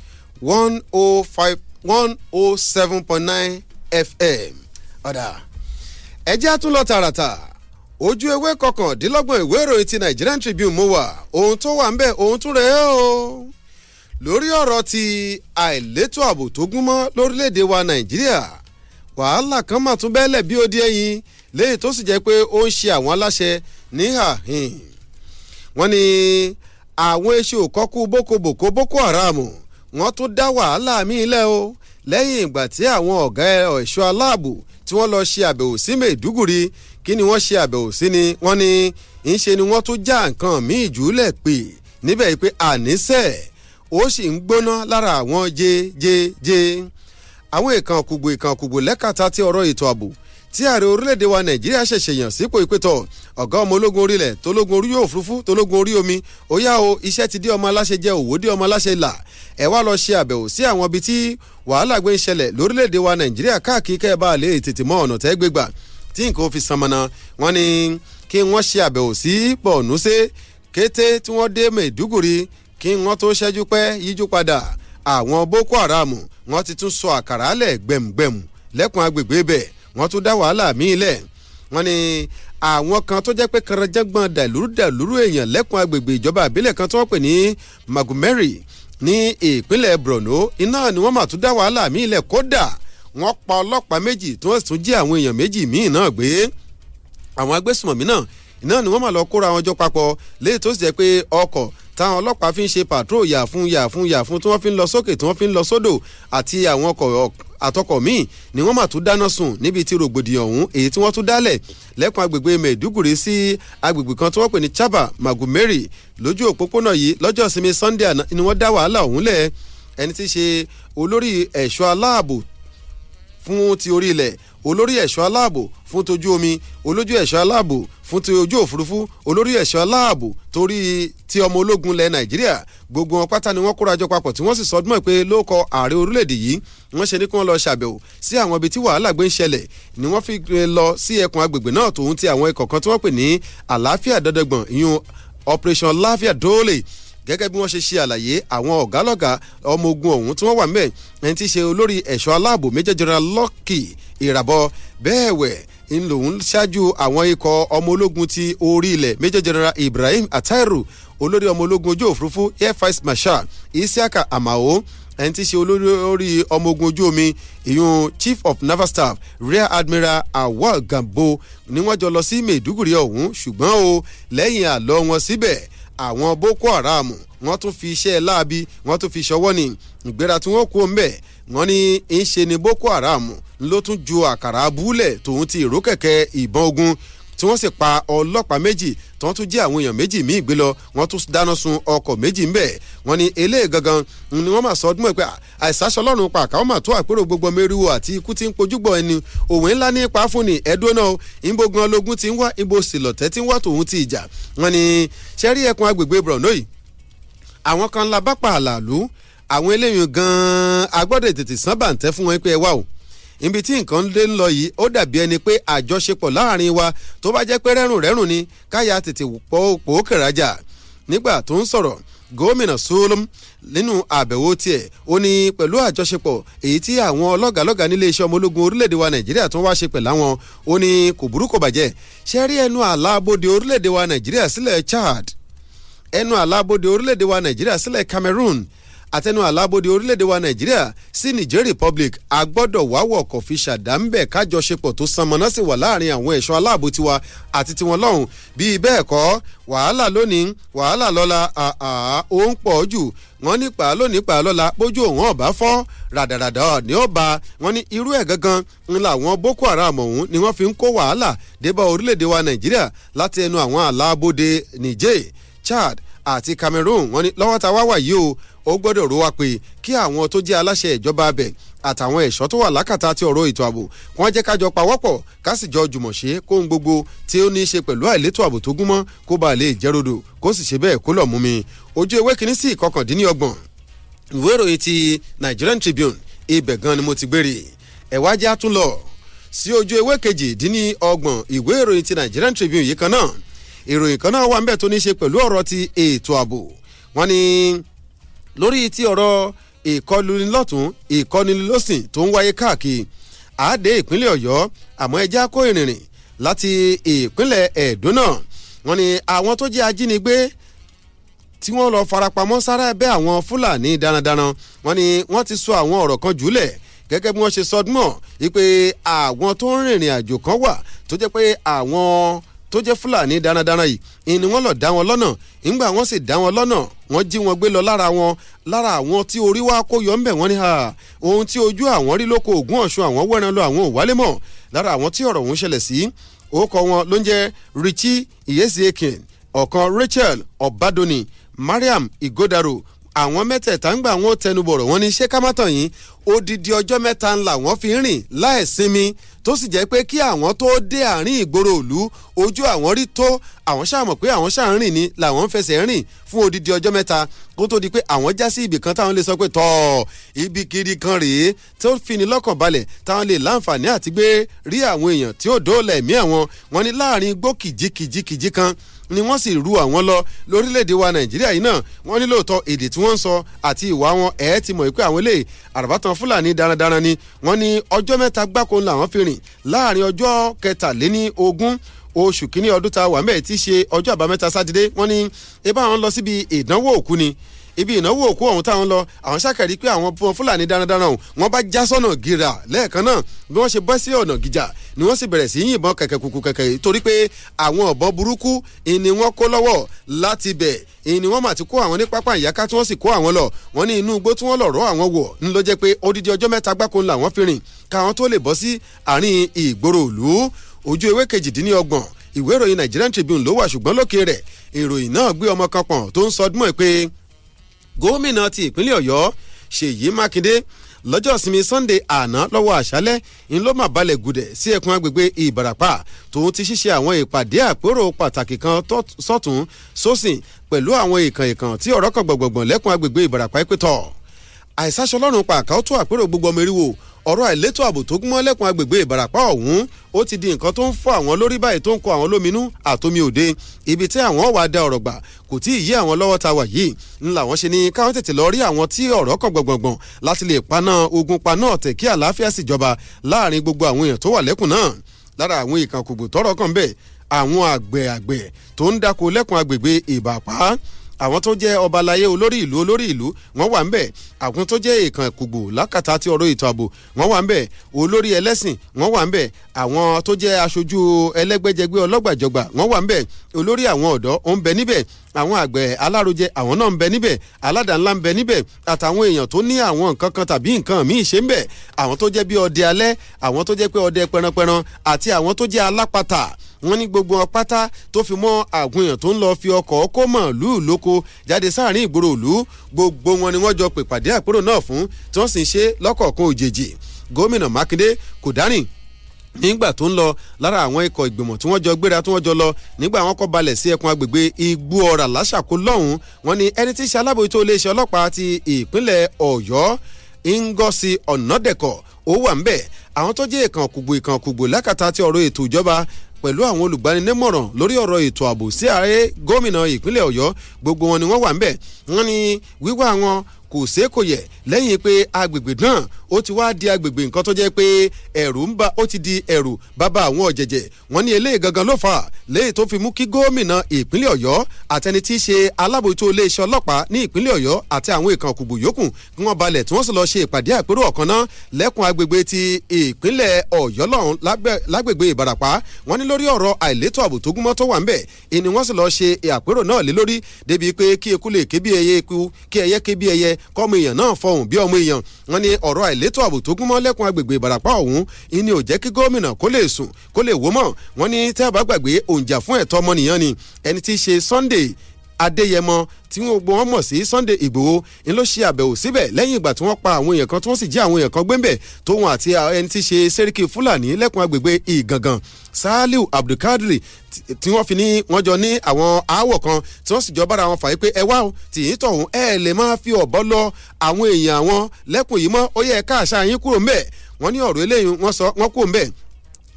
one oh five one oh seven point nine fm ọ̀dà ẹjẹ́ àtúnlọ tààràtà ojú ewé kọkàndínlọ́gbọ̀n ìwé ìròyìn ti nigerian tribune mo wà ohun tó wà ń bẹ̀ ohun tún rẹ̀ o lórí ọ̀rọ̀ ti àìlétò ààbò tó gún mọ́ lórílẹ̀‐èdè wa nàìjíríà wàhálà kan mà tún bẹ́ẹ̀ lẹ̀ bí ó di ẹyin léyìí tó sì jẹ́ pé ó ń ṣe àwọn aláṣẹ níhàhìn wọ́n ní àwọn eṣe òkọ́kú boko boko haram wọ́n tún dá wàhálà míì lẹ́ o lẹ́yìn ìgbà tí àwọn ọ̀gá ẹ̀ṣọ́ aláàbò tí wọ́n lọ ṣe àbẹ̀wò sí mẹ́ẹ̀dúgùrì kí ni wọ́n ṣe àbẹ̀wò sí ni wọ́n ní ń ṣe ni wọ́n tún já nǹkan míì jùlẹ̀ pè níbẹ̀ pé àníṣe ó sì ń gbóná lára àwọn jẹjẹjẹ àwọn ìkànkùgbò ìkànkùgbò lẹ́kàtà tí ọ̀rọ̀ ètò ààbò tí ààrẹ orílẹ̀-èdè wa nàìjíríà ṣẹ̀ṣẹ̀ yàn sípò ìpẹ́tọ̀ ọ̀gá ọmọ ológun orílẹ̀ tológun orí òfurufú tológun orí omi ó yá o iṣẹ́ ti dé ọmọ aláṣẹ jẹ òwò dé ọmọ aláṣẹ là ẹ wá lọ ṣe àbẹ̀wò sí àwọn ibi tí wàhálà gbé ń ṣẹlẹ̀ lórílẹ̀-èdè wa nàìjíríà káàkiri kẹ́ ẹ bá lè tètè mọ ọ̀nà tẹ́ gbégbà tí nǹkan ó fi sanmọ́nà wọ́n ní kí wọ́n ṣe àbẹ̀wò sí bọ̀ọ̀nùsẹ́ kété tí wọ́n dé mẹ̀dúgùrì kí wọ́n tó ṣẹ́jú pẹ́ yíjú padà àwọn boko haram wọ́n ti tún sọ àkàrà lẹ̀ gbẹ̀mùgbẹ̀mù lẹ́kùn agbègbè bẹ́ẹ̀ wọ́n tún dá wàhálà míì lẹ̀ wọ́n ní àwọn kan tó jẹ́ pé kẹrẹjẹ́gbọ̀n dàlúrú dàlúrú èèyàn lẹ́kùn agbègbè ìjọba àbílẹ̀ kan tí wọ́n pè ní magumeri ní ìpínlẹ̀ borno iná ni wọ́n mà tún dá wàhálà míì lẹ̀ kódà wọ́n pa ọlọ́pàá méjì tí wọ́n sì tún jí àwọn èèyàn méjì míì náà gbé àwọn agbésùmọ̀mí náà iná ni wọ́n mà lọ kóra wọn jọ papọ̀ léyìí tó sì jẹ́ pé ọkọ̀ táwọn ọlọ́pàá fi ń ṣe pàtró yàfun yàfun yàfun tí wọ́n fi ń lọ sókè tí wọ́n fi ń lọ sódò àti àwọn ọkọ̀ àtọkọ̀ míì ni wọ́n mà tún dáná sun níbi tí rògbòdìyàn ọ̀hún èyí tí wọ́n tún dálẹ̀ lẹ́kùn agbègbè mẹ̀ẹ́dúgùrì sí agbègbè kan tí wọ́n pè ní chaba magumeri lójú òpópónà yìí lọ́jọ́ ìsinmi sunday àná ni wọ́n dá wàhálà ọ̀hún lẹ̀ ẹni tí í ṣe olórí ẹ̀ṣọ́ aláàbò fún ti orí ilẹ̀ olórí ẹ̀ṣọ́ aláàbò fún tójú omi olójú ẹ̀ṣọ́ aláàbò fún ti ojú òfurufú olórí ẹ̀ṣọ́ aláàbò torí ti ọmọ ológun ilẹ̀ nàìjíríà gbogbo wọn pátá ni wọ́n kórajọ papọ̀ tí wọ́n sì sọdúnmọ́ pé ló kọ ààrẹ orílẹ̀-èdè yìí wọ́n ṣe ní kí wọ́n lọ ṣàbẹ̀wò sí àwọn ibi tí wàhálà gbé ń ṣẹlẹ̀ ni wọ́n fi eh, lọ sí ẹkùn agbègbè náà tòun ti àwọn ikọ̀ kan tí wọ́n pè ní àlàáfíà dandangbọ̀n ìyún operation láfíà dóòlè gẹ́gẹ́ bí wọ́n ṣe ṣe àlàyé àwọn ọ̀gá lọ́gàá ọmọ ogun ọ̀hún tí wọ́n wà mẹ́ẹ̀ ẹni tí í ṣe olórí ẹ̀ṣọ́ aláàbò méjèèjì general Lucky Ìràbọ̀ bẹ́ẹ̀ wẹ̀ ń lòun ṣáájú àwọn ikọ̀ ọmọ ológun ti orí ilẹ̀ méjèèjì general Ibrahim Atairu olórí ọmọ ológun ojú òfurufú air vice marshal Isiaka Amao ẹni tí í ṣe olórí ọmọ ogun ojú omi ìyún chief of naval staff rear admiral Awal Gambo ni wọ́n jọ lọ sí Maiduguri ọ̀hún ṣùgbọ́n o lẹ́yìn àlọ́ wọn síbẹ̀ si àwọn boko haram wọ́n tún fi iṣẹ́ láabi wọ́n tún fi ṣọwọ́ ni ìgbéra tí wọ́n kó ń bẹ̀ wọ́n ń ṣe ni boko haram ló tún ju àkàrà abúlẹ̀ tòun ti ìró kẹ̀kẹ́ ìbọn ogun tí wọ́n sì pa ọlọ́pàá méjì tí wọ́n tún jí àwọn èèyàn méjì míì gbé lọ wọ́n tún dáná sun ọkọ̀ méjì ńbẹ̀ wọ́n ní eléyìí gangan ni wọ́n máa sọ ọdún mọ̀ pé àìsàṣọ ọlọ́run pa àkàwọ́ màtó àpérò gbogbo mẹ́rìwò àti ikú tí ń pojúbọ̀ ẹni òwe ńlá ní ipa fún ni ẹ̀dọ́ náà ìbògun ológun ti ń wá ìbò sílọ̀tẹ́ ti ń wá tòun ti ìjà wọ́n ní ṣẹ́rí ẹkùn agbègbè borno yìí àwọn kan labápá àlàlú àwọn eléyìí ibi tí nǹkan lé ń lọ yìí ó dàbí ẹni pé àjọṣepọ̀ láàrin wa tó bá jẹ́ pé rẹ́rùn rẹ́rùn ni káyà tètè pòó kẹ̀rájà nígbà tó ń sọ̀rọ̀ gómìnà Zulum nínú àbẹ̀wò tiẹ̀ ó ní pẹ̀lú àjọṣepọ̀ èyí tí àwọn ọlọ́gàlọ́gà nílé iṣẹ́ ọmọ orílẹ̀-èdè wa Nàìjíríà tó ń wá ṣe pẹ̀lú àwọn ó ní kò burú kò bàjẹ́ ṣe rí ẹnu àlàbòde orílẹ̀-èdè wa Nàìjíríà sílẹ̀ Chad ẹnu àlàbòde orílẹ̀-èdè wa Nàìjíríà sílẹ̀ Cameroon àtẹnu àlábòde orílẹ̀-èdè wa nàìjíríà sí niger republic a gbọ́dọ̀ wáwọ̀ kò fi ṣàdámbẹ̀ kájọṣepọ̀ tó sanmọ́ná sì wà láàrin àwọn ẹ̀ṣọ́ aláàbò tiwa àti tiwọn lọ́hùn bíi bẹ́ẹ̀ kọ́ wàhálà lónìí wàhálà lọ́la ó ń pọ̀ jù wọ́n ní pa lónìí pa lọ́la bójú òun ọ̀bá fọ́ ràdàràdà ní ọba wọ́n ní irú ẹ̀ gangan ń àwọn boko haram ọ̀hún ni wọ́n fi ń kó wàhálà débà orílẹ̀-èdè wa nàìjíríà láti ẹnu àwọn àlàbòde niger chad àti Cameroon wọ́n ní lọ́wọ́ ta wá wà yìí o ó gbọ́dọ̀ ró wa pé kí àwọn tó jẹ́ aláṣẹ ìjọba abẹ̀ àtàwọn ẹ̀ṣọ́ tó wà lákàtà ti ọ̀rọ̀ ètò ààbò wọ́n jẹ́ kájọ pawọ́pọ̀ ká sì jọ jùmọ̀ ṣe kóhun gbogbo tí ó ní í ṣe pẹ̀lú àìlétò ààbò tó gúnmọ́ kó bàa lè jẹ́rọ̀dọ̀ kó sì ṣe bẹ́ẹ̀ kó lọ̀ mú mi ojú ewé kínní sí ìkọkàndínlọ́gbọ̀n ìwé ìròyìn ti Nigerian Tribune ibẹ̀ gan ni mo ti gbére ẹ̀wájá tún lọ sí ojú ewé kejì dín ní ọgbọ̀n ìwé ìròyìn ti Nigerian Tribune yìí kan náà ìròyìn kan náà wà ńbẹ̀ tó ní ṣe pẹ̀lú ọ̀rọ̀ ti ètò ààbò wọ́n ní lórí ti ọ̀rọ̀ ìkọlùnilọ́tún ìkọlùnilọ́sìn tó ń wáyé káàkiri àádé ìpínlẹ̀ ọ̀yọ́ àmọ́ ẹja kó ìrìnrìn láti ìpínlẹ̀ ẹ̀dùn náà wọ́n ní àwọn tó jẹ́ ajínigbé tí wọ́n lọ farapamọ́ sára ẹ̀bẹ̀ àwọn fúlàní darandaran wọ́n ní wọ́n ti sọ àwọn ọ̀rọ̀ kan jùlẹ̀ gẹ́gẹ́ bí wọ́n ṣe sọdúnmọ̀ wípé àwọn tó ń rìnrìn àjò kan wà tó jẹ́ pé àwọn tó jẹ́ fúlàní darandaran yìí ni wọ́n lọ dá wọn lọ́nà ńgbà wọ́n sì dá wọn lọ́nà wọ́n jí wọn gbé lọ lára wọn lára àwọn tí orí wa kó yọ ńbẹ̀ wọ́n ní ha ohun tí ojú àwọn rí lóko ògùn ọ̀ṣun àwọn wẹ́ran lọ àwọn ò mọ̀ lára àwọn tí ọ̀rọ̀ òun ṣẹlẹ̀ sí orúkọ wọn ló ń jẹ́ Richie Iyesiekin ọ̀kan Rachel Ọ̀bádọ́ni Mariam Igodaro àwọn mẹ́tẹ̀ẹ̀ta ń gbà wọn ó tẹnubọ̀rọ̀ wọn ní ṣé ká má tàn yín odidi ọjọ́ mẹ́ta ńlá wọn fi ń rìn láì sinmi tó sì jẹ́ pé kí àwọn tó dé àárín ìgboro òlu ojú àwọn rí tó àwọn ṣàmọ̀ pé àwọn ṣà ń rìn ni làwọn ń fẹsẹ̀ rìn fún odidi ọjọ́ mẹ́ta kó tó di pé àwọn já sí ibì kan táwọn lè sọ pé tọ́ ibi kiri kan rèé tó fini lọ́kàn balẹ̀ táwọn lè láǹfààní àti gbé rí àwọn èèyàn tí ó dóòlà ẹ̀mí àwọn wọn ni láàrin igbó kìjikìjikìji kan ni wọ́n sì ru àwọn lọ lórílẹ̀‐èdè wa nàìjíríà yìí náà wọ́n ní lóòótọ́ èdè tí wọ́n ń sọ àti ìwà wọn ẹ̀ ti mọ̀ pé àwọn eléyìí àràbàtàn fúlàní darandaran ni wọ́n ní ọjọ́ mẹ́ta gbáko làwọn fi rìn láàrin ọjọ́ kẹtàléní ogún oṣù kínní ọdún tá a wà mẹ́ẹ̀ tí í ṣe ọjọ́ àbámẹ́ta sátidé wọ́n ní ebá lọ síbi ìdánwò òkú ni ibi ìnáwó òkú ọ̀hún táwọn lọ àwọn ṣàkàrí pé àwọn fúlàní darandaran ọ̀hún wọ́n bá já sọ́nà gíra lẹ́ẹ̀kan náà bí wọ́n ṣe bọ́ sí ọ̀nà gíjà ni wọ́n sì bẹ̀rẹ̀ sí yìnbọn kẹ̀kẹ́ kùkù kẹ̀kẹ́ torí pé àwọn ọ̀bọ̀n burúkú ni wọ́n kó lọ́wọ́ láti bẹ̀ ni wọ́n mà ti kó àwọn ní pápá ìyáká tí wọ́n sì kó àwọn lọ wọ́n ní inú igbó tí wọ́n lọ̀ rọ́ àwọn wọ̀ ń lọ jẹ́ pé odidi ọjọ́ mẹ́ta gbáko làwọn fi rìn káwọn tó lè bọ́ sí àárín ìgboro ìlú ojú ewé kejìdínlọ́gbọ̀n ìwé ìròyìn Nigerian Tribune ló wà ṣùgbọ́n lókè rẹ̀ ìròyìn náà gbé ọmọ kan pọ̀n gómìnà ti ìpínlẹ̀ ọ̀yọ́ ṣèyí mákindé lọ́jọ́ ìsinmi sunday àná lọ́wọ́ àṣálẹ́ ń ló máa balẹ̀ gùdẹ̀ sí ẹkùn agbègbè ìbàràpá tòun ti ṣíṣe àwọn ìpàdé àpérò pàtàkì kan sọ́tún sósìn pẹ̀lú àwọn ìkàn ìkàn tí ọ̀rọ̀ kan gbọ̀ngbọ̀ngbọ̀n lẹ́kùn agbègbè ìbàràpá ìpẹ́tọ̀ àìsàṣọlọ́run pàkà ó tó àpérò gbogbo ọmọ eriwo ọ̀rọ̀ àìlétò ààbò tó gúnmọ́ lẹ́kùn agbègbè ìbarapá ọ̀hún ó ti di nǹkan tó ń fọ́ àwọn lórí báyìí tó ń kọ àwọn lóminú àtomi òde ibi tí àwọn wà da ọ̀rọ̀ gbà kò tí ì yé àwọn lọ́wọ́ ta wà yìí ń làwọn ṣe ni káwọn tètè lọ rí àwọn tí ọ̀rọ̀ kan gbọ̀ngbọ̀ngbọ̀n láti lè paná ogun paná ọ̀tẹ̀ kí àlàáfíà sì jọba láàrin gbogbo àwọn èèyàn tó wà lẹ́kùn náà lára àwọn ìkànkùgbò tọ́rọ̀ kan bẹ́ẹ̀ àwọn àgbẹ̀ àgbẹ̀ tó ń dáko lẹ́kùn agbègbè ìbàpá àwọn tó jẹ́ ọba alayé olórí ìlú olórí ìlú wọ́n wà ń bẹ̀ àwọn tó jẹ́ èèkàn kùgbò lákàtà ti ọ̀rọ̀ ètò ààbò wọ́n wà ń bẹ̀ olórí ẹlẹ́sìn wọ́n wà ń bẹ̀ àwọn tó jẹ́ aṣojú ẹlẹ́gbẹ́jẹgbẹ́ ọlọ́gbàjọgbà wọ́n wà ń bẹ̀ olórí àwọn ọ̀dọ́ ó ń bẹ níbẹ̀ àwọn àgbẹ̀ alárojẹ àwọn náà ń bẹ níbẹ̀ aládàńlá ń bẹ níbẹ̀ àtàwọn èèyàn tó ní àwọn nǹkan kan tàbí nǹkan míì ṣe ń bẹ̀ àwọn tó jẹ́ bí ọdẹ alẹ́ àwọn tó jẹ́ pé ọdẹ pẹranpẹran àti àwọn tó jẹ́ alápatà wọ́n ní gbogbo wọn pátá tó fi mọ́ àgùnyàn tó ń lọ fi ọkọ̀ kó màálù lóko jáde sáàrin ìgboro ìlú gbogbo wọn ni wọ́n jọ pèpàdé àpérò náà fún tí wọ́n sì ń ṣe lọ́kọ̀ọ̀kan òjèèjì gómìnà mákindé kò dárìn nígbà tó ń lọ lára àwọn ikọ̀ ìgbìmọ̀ tí wọ́n jọ gbéra tí wọ́n jọ lọ nígbà wọn kọ́ balẹ̀ sí ẹkùn agbègbè igbó ọ̀rà lásàkó lọ́hùn wọn ni ẹni tí í ṣe alábòjútó iléeṣẹ́ ọlọ́pàá ti ìpínlẹ̀ ọ̀yọ́ ngosi ọ̀nàdẹ̀kọ̀ ó wà ń bẹ̀ àwọn tó jẹ́ ìkànkùgbò ìkànkùgbò lákàtà ti ọ̀rọ̀ ètò ìjọba pẹ̀lú àwọn olùgbaninímọ̀ràn lórí ọ̀rọ̀ ètò ààbò sí ààrẹ gómìnà ìpínlẹ̀ ọ̀yọ́ gbogbo wọn ni wọ́n wà ńbẹ̀ wọ́n ní wíwá wọn kò sé kò yẹ lẹ́yìn pé agbègbè náà ó ti wá di agbègbè nǹkan tó jẹ́ pé ẹ̀rù ń ba ó ti di ẹ̀rù bàbá àwọn ọ̀jẹ̀jẹ̀ wọ́n ní eléyìí gangan ló fà léyìí tó fi mú kí gómìnà ìpínlẹ̀ ọ̀yọ́ àtẹni tí í ṣe alábòjútó iléeṣẹ́ ọlọ́pàá ní ìpínlẹ̀ ọ̀yọ́ àti àwọn ìkan òkùnkùn yòókù kí wọ́n balẹ̀ tí wọ́n sì lọ ṣe ìpàdé àpérò ọ̀kan náà lẹ́kùn agbègbè ti ìpínlẹ̀ ọ̀yọ́ lọ́hùn lágbègbè ìbarapá wọ́n ní lórí ọ̀rọ̀ àìlétò ààbò tó gúnmọ́ tó wà ń bẹ̀ ìní wọ́n sì lọ ṣe àpérò náà lé lórí débìí pé kí eku lè ké bí ẹyẹ eku kí ẹyẹ ké bí ẹyẹ kọ́mọ èèyàn náà fọhùn bí ọmọ èèyàn wọn ní ọ̀rọ̀ àìlétò ààbò tó gúnmọ́ lẹ́kùn agbègbè ìbàràpá ọ̀hún ìní ò jẹ́ kí gómìnà kó lè sùn kó lè wó mọ́ wọn ní tẹ́ bá gbàgbé òǹjà fún ẹ̀tọ́ ọmọnìyàn ni ẹni tí í ṣe Sunday adéyẹmọ tí wọn gbọ́ wọn mọ̀ sí sunday ìgbòho ń ló ṣe àbẹ̀wò síbẹ̀ lẹ́yìn ìgbà tí wọ́n pa àwọn èèyàn kan tí wọ́n sì jí àwọn èèyàn kan gbẹ́ńbẹ̀ tóun àti ẹni tí ṣe sẹ́ríkì fúlàní lẹ́kùn agbègbè ìgangan saliu abdulkadir tí wọ́n fi ní wọ́n jọ ní àwọn aáwọ̀ kan tí wọ́n sì jọ bára wọn fà pé ẹ wá o tì í tọ̀hún ẹ lè máa fi ọ̀bọ lọ àwọn èèyàn àwọn lẹ́kùn yìí mọ́ ó yẹ káàṣà yín kúrò ńbẹ̀ wọ́n ní ọ̀rọ̀ eléyìí wọ́n sọ wọ́n kúrò ńbẹ̀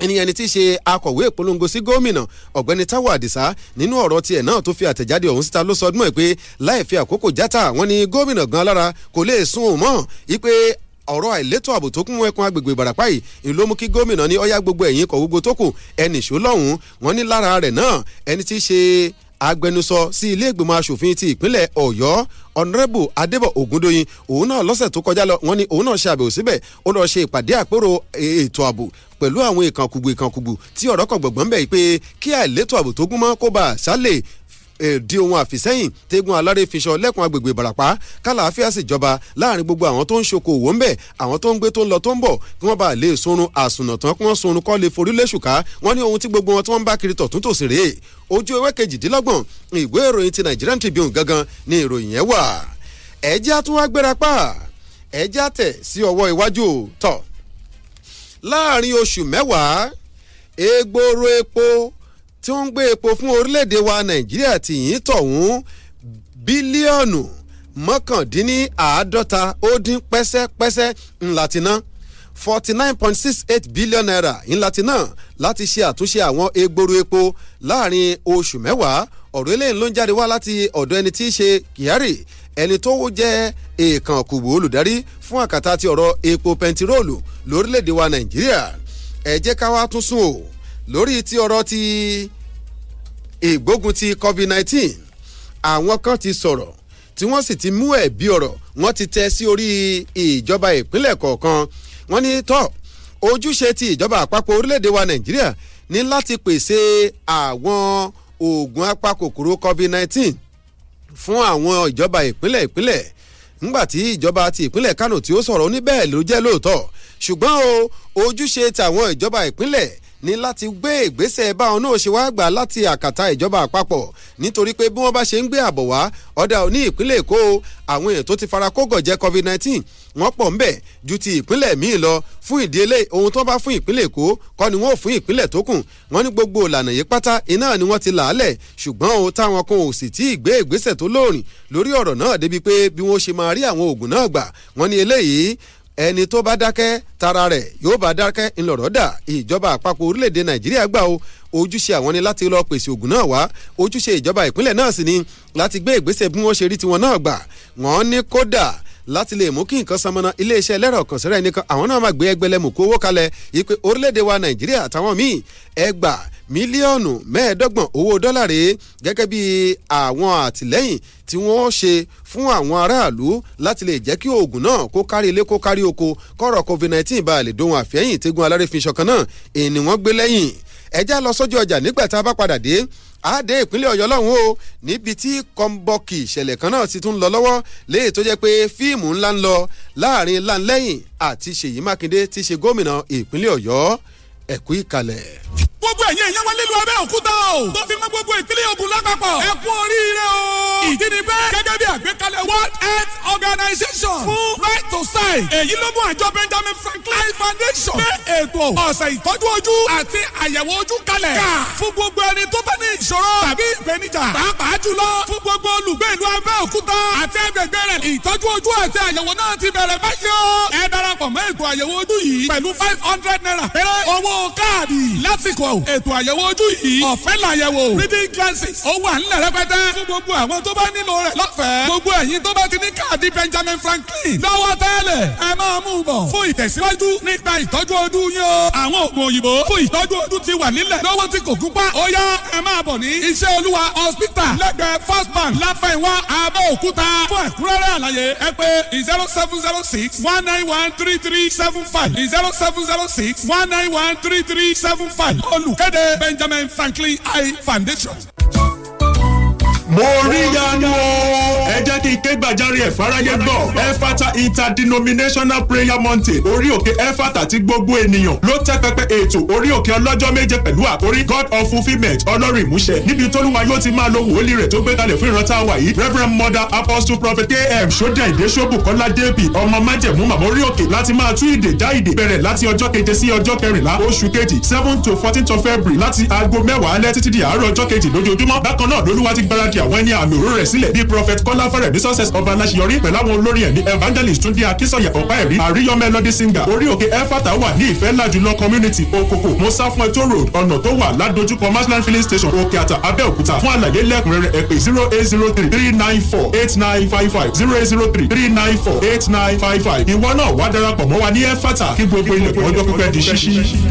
ènìyàn ni tí í ṣe akọ̀wé ìpolongo sí gómìnà ọ̀gbẹ́ni táwọ̀ àdìsá nínú ọ̀rọ̀ tiẹ̀ náà tó fi àtẹ̀jáde ọ̀hún síta ló sọdún ẹ̀ pé láì fi àkókò játa wọn ni gómìnà gan alára kò lè sún òun mọ́ ipe ọ̀rọ̀ àìlétò ààbò tó kún ẹkùn agbègbè ìbàràpá yìí ìlú mú kí gómìnà ní ọ̀yá gbogbo ẹ̀yìn kọ̀ gbogbo tó kù ẹnì ṣó lọ́hùn-ún wọn ní lára rẹ̀ náà ẹni tí í ṣe agbẹnusọ sí ilé ìgbìmọ̀ asòfin ti ìpínlẹ̀ ọ̀yọ́ ọ̀nàrẹ́bù adébọ̀ ògúndóyin òun náà lọ́sẹ̀ tó kọjá lọ wọ́n ní òun náà ṣe àbẹ̀wò síbẹ̀ ó lọ́ọ́ ṣe ìpàdé àpérò e, ètò ààbò pẹ̀lú àwọn ìkànkùgbù ìkànkùgbù tí ọ̀rọ̀ kan gbọ̀ngbọ̀n bẹ̀ pé kí àìletò ààbò tó gúnmọ́ kó bá a ṣálẹ̀ èdè ohun àfìsẹ́yìn tẹ́gun aláré fi sọ lẹ́kùn agbègbè ìbàràpá kálàáfíà sì jọba láàrin gbogbo àwọn tó ń ṣokòwò ń bẹ̀ àwọn tó ń gbé tó ń lọ tó ń bọ̀ kí wọ́n bá lè sunrun àsùnà tán kí wọ́n sunrun kọ́ lè forí léṣùká wọ́n ní ohun tí gbogbo wọn tí wọ́n ń bá kiri tọ̀tún tòsì rèé ojú ewé kejìdínlọ́gbọ̀n ìwé ìròyìn ti Nigerian Tribune gangan ni ìròyìn yẹn wà ẹ̀já tún wá gbéra pa ẹ̀já tẹ̀ sí ọwọ́ iwájú tọ̀ láàrin oṣù mẹ́wàá egboro epo tí ó ń gbé epo fún orílẹ̀-èdè wa nàìjíríà ti yìn tọ̀hún bílíọ̀nù mọ́kàndínníàádọ́ta ó dín pẹ́sẹ́pẹ́sẹ́ ńlá ti ná forty nine point six eight billion naira ńlá ti ná láti ṣe àtúnṣe àwọn egboro epo láàrin oṣù mẹ́wàá ọ̀rọ̀ eléyìí ló ń jáde wá láti ọ̀dọ̀ ẹni tí í ṣe kyari ẹni tó jẹ́ èèkàn kùgbù olùdarí fún àkàtà ti ọ̀rọ̀ epo pẹntiróòlù lórílẹ̀‐èdè wa nàìjíríà ẹ ká wá tún sùn o lórí ti ọ̀rọ̀ ti ìgbógun ti covid-19 àwọn kan ti sọ̀rọ̀ tí wọ́n sì ti mú ẹ̀bí ọ̀rọ̀ wọ́n ti tẹ́ sí orí ìjọba ìpínlẹ̀ kọ̀ọ̀kan wọ́n ní tọ́ ojúṣe ti ìjọba àpapọ̀ orílẹ̀-èdè wa nàìjíríà ní láti pèsè àwọn oògùn apakòkòrò covid-19 fún àwọn ìjọba ìpínlẹ̀ ìpínlẹ̀ ńgbàtí ìjọba ti ìpínlẹ̀ kánò tí ó sọ̀rọ̀ ó ní bẹ́ẹ̀ ló jẹ́ lóòótọ́ ṣùgbọ́n o ojúṣe tàwọn ìjọba ìpínlẹ̀ ní láti gbé ìgbésẹ̀ báwọn náà ṣe wá gbà láti àkàtà ìjọba àpapọ̀ nítorí pé bí wọ́n bá ṣe ń gbé àbọ̀ wá ọ̀dà òní ìpínlẹ̀ èkó àwọn èèyàn tó ti fara kógò jẹ́ covid-19 wọ́n pọ̀ ń bẹ̀ ju ti ìpínlẹ̀ míì lọ fún ìdí eléyìí ohun tó bá fún ìpínlẹ̀ èkó kọ́ ni wọ́n ò fún ìpínlẹ̀ tó kù wọ́n ní gbogbo ìlànà yìí pátá iná ni wọ́n ti làálẹ̀ ṣùgbọ́n o táwọn kan ò sì tí ì gbé ìgbésẹ̀ tó lóòrìn lórí ọ̀rọ̀ náà débi pé bí wọ́n ṣe máa rí àwọn oògùn náà gbà wọ́n ní eléyìí ẹni tó bá dákẹ́ tara rẹ̀ yóò bá dákẹ́ ńlọrọ̀ dà ìjọba àpapọ̀ orílẹ̀-èdè nàìjíríà gbà o ojúṣe àwọn ni láti lọ pèsè ògùn náà wá ojúṣe ìjọba ìpínlẹ̀ náà sì ni láti gbé ìgbésẹ̀ bí wọ́n ṣe rí tiwọn náà gbà wọ́n ní kódà láti lè mú kí nǹkan sanmọ́nà iléeṣẹ́ ẹlẹ́rọ kọ̀ǹsẹ́rẹ́ nìkan àwọn náà máa gbé ẹgbẹ̀lẹ́mù kó owó kalẹ̀ yìí pé orílẹ̀-èdè wa nàìjíríà àtàwọn míì ẹgbà mílíọ̀nù mẹ́ẹ̀ẹ́dọ́gbọ̀n owó dọ́là rèé gẹ́gẹ́ bí àwọn àtìlẹ́yìn tí wọ́n ṣe fún àwọn aráàlú láti lè jẹ́ kí oògùn náà kó kárí ilé kó kárí oko kọ́rọ̀ covid-19 bá lè dohun àfẹ́yìn tegun alárẹ́fin ṣọ̀kan náà ènìwọ̀n gbé lẹ́yìn ẹjẹ́ lọ sójú ọjà nígbà tá a bá padà dé àádé ìpínlẹ̀ ọ̀yọ́ lọ́hùn o níbi tí kọ́ńbọ́ọ̀kì ìṣẹ̀lẹ̀ kan náà ti tún lọ lọ́wọ́ léyìí tó jẹ́ pé fíìmù ńlá ń lọ láàrin lanlẹ́yìn àti ṣèyí mákindé ti ṣe gómìnà ìpínlẹ̀ ọ̀yọ́ ẹ̀kú ìkàlẹ̀ gbogbo ẹ̀yẹ ìyá wa nílùú Abẹ́òkúta o tó fi mọ́ gbogbo ìpínlẹ̀ Ògùn lápapọ̀ ẹ kú oríire o. ìdí ni bẹ́ẹ̀ gẹ́gẹ́ bí àgbékalẹ̀ World Health Organization fún right to sign. èyí ló mú àjọ Benjamin Franklin Foundation gbé ètò ọ̀sẹ̀ ìtọ́jú ojú àti àyẹ̀wò ojú kalẹ̀ ká fún gbogbo ẹni tó bá ní ìṣòro tàbí ìpèníjà pàápàá jùlọ fún gbogbo olùgbé ìlú Abẹ́òkúta àti ẹgbẹ̀gbẹ̀ rẹ̀ ìtọ́jú ojú àti àyẹ̀wò náà ti bẹ̀rẹ̀ báyìí ẹ darapọ̀ mọ́ ètò àyẹ̀wò ojú yìí pẹ̀lú five hundred naira pẹ̀lú owó káàdì lásìkò o. ètò àyẹ̀wò ojú yìí ọ̀fẹ́ làyẹ̀wò reading glasses ó wà nílẹ̀ rẹpẹtẹ fún gbogbo àwọn tó bá nílò rẹ̀ lọ́fẹ̀ẹ́ gbogbo ẹ̀yin tó bá ti ní káàdì Benjamin Franklin lọ́wọ́ tẹ́lẹ̀ ẹ máa mú un bọ̀ fún ìtẹ̀síwájú nípa ìtọ́jú ojú yín o. àwọn oògùn òyìnbó fún ìtọ́jú ojú ti wà nílẹ̀ lọ́wọ́ tí kò gúnpá ó yá ẹ máa bọ̀ ní iṣẹ́ olúwa hospital lẹ́gbẹ̀ẹ́ first bank láfẹ̀wá Abẹ́òkúta fún ẹ̀kúrẹ́rẹ́ àlàyé ẹ pé zero seven zero six one nine one three three seven five zero seven zero six one nine one three three seven five olùkéde Benjamin Franklin it Foundation. mo rí yanu o ẹ jẹ́ kí n ké gbàjarè ẹ̀ fáráyé gbọ́ efata interdenominational prayer mountain orí òkè efata ti gbogbo ènìyàn ló tẹ́ pẹpẹ ètò orí òkè ọlọ́jọ́ méje pẹ̀lú àkórí god of fulfilment ọlọ́run ìmúṣẹ níbi tólúwa yóò ti máa lo wòlíì rẹ̀ tó gbé kalẹ̀ fún ìrántá wa yìí reverend mother apostle prophet km sójà ìdè sóbùkọ́lá débi ọmọ májẹ̀mú màmá orí òkè láti máa tú ìdè já ìdè bẹ̀rẹ̀ láti ọjọ́ keje sí ọjọ́ kẹrìnlá oṣù kejì seven to fourteen of february láti aago mẹ́wàá alẹ́ títí di àárọ̀ ọjọ́ kejì lójoojúmọ́ bákan náà lolúwa ti gbáradì Nàìjíríà wọ́n ní àmì òróró rẹ̀ sílẹ̀ bíi Prophet Kọ́lá Fẹ́rẹ̀mí success of aláṣeyọrí pẹ̀lú àwọn olórin ẹ̀mí evangelist Túndé Akínsọ̀yà ọ̀pá ẹ̀rí àríyọ melody singa. orí òkè Ẹ̀fàtà wà ní ìfẹ́ lájùlọ community Okoko Musa fún ẹtọ́ road ọ̀nà tó wà ládojúkọ Masland filling station Òkè Àtà Abẹ́òkúta fún àlàyé lẹ́kùnrẹ́rẹ́ ẹ pè zero eight zero three three nine four eight nine five five zero eight zero three three nine four eight nine five five ìwọ náà wá darapọ̀ mọ́ wa ní Ẹ̀fàtà kí gbogbo ilẹ̀kùn ọjọ́ pípẹ́ di ṣíṣí.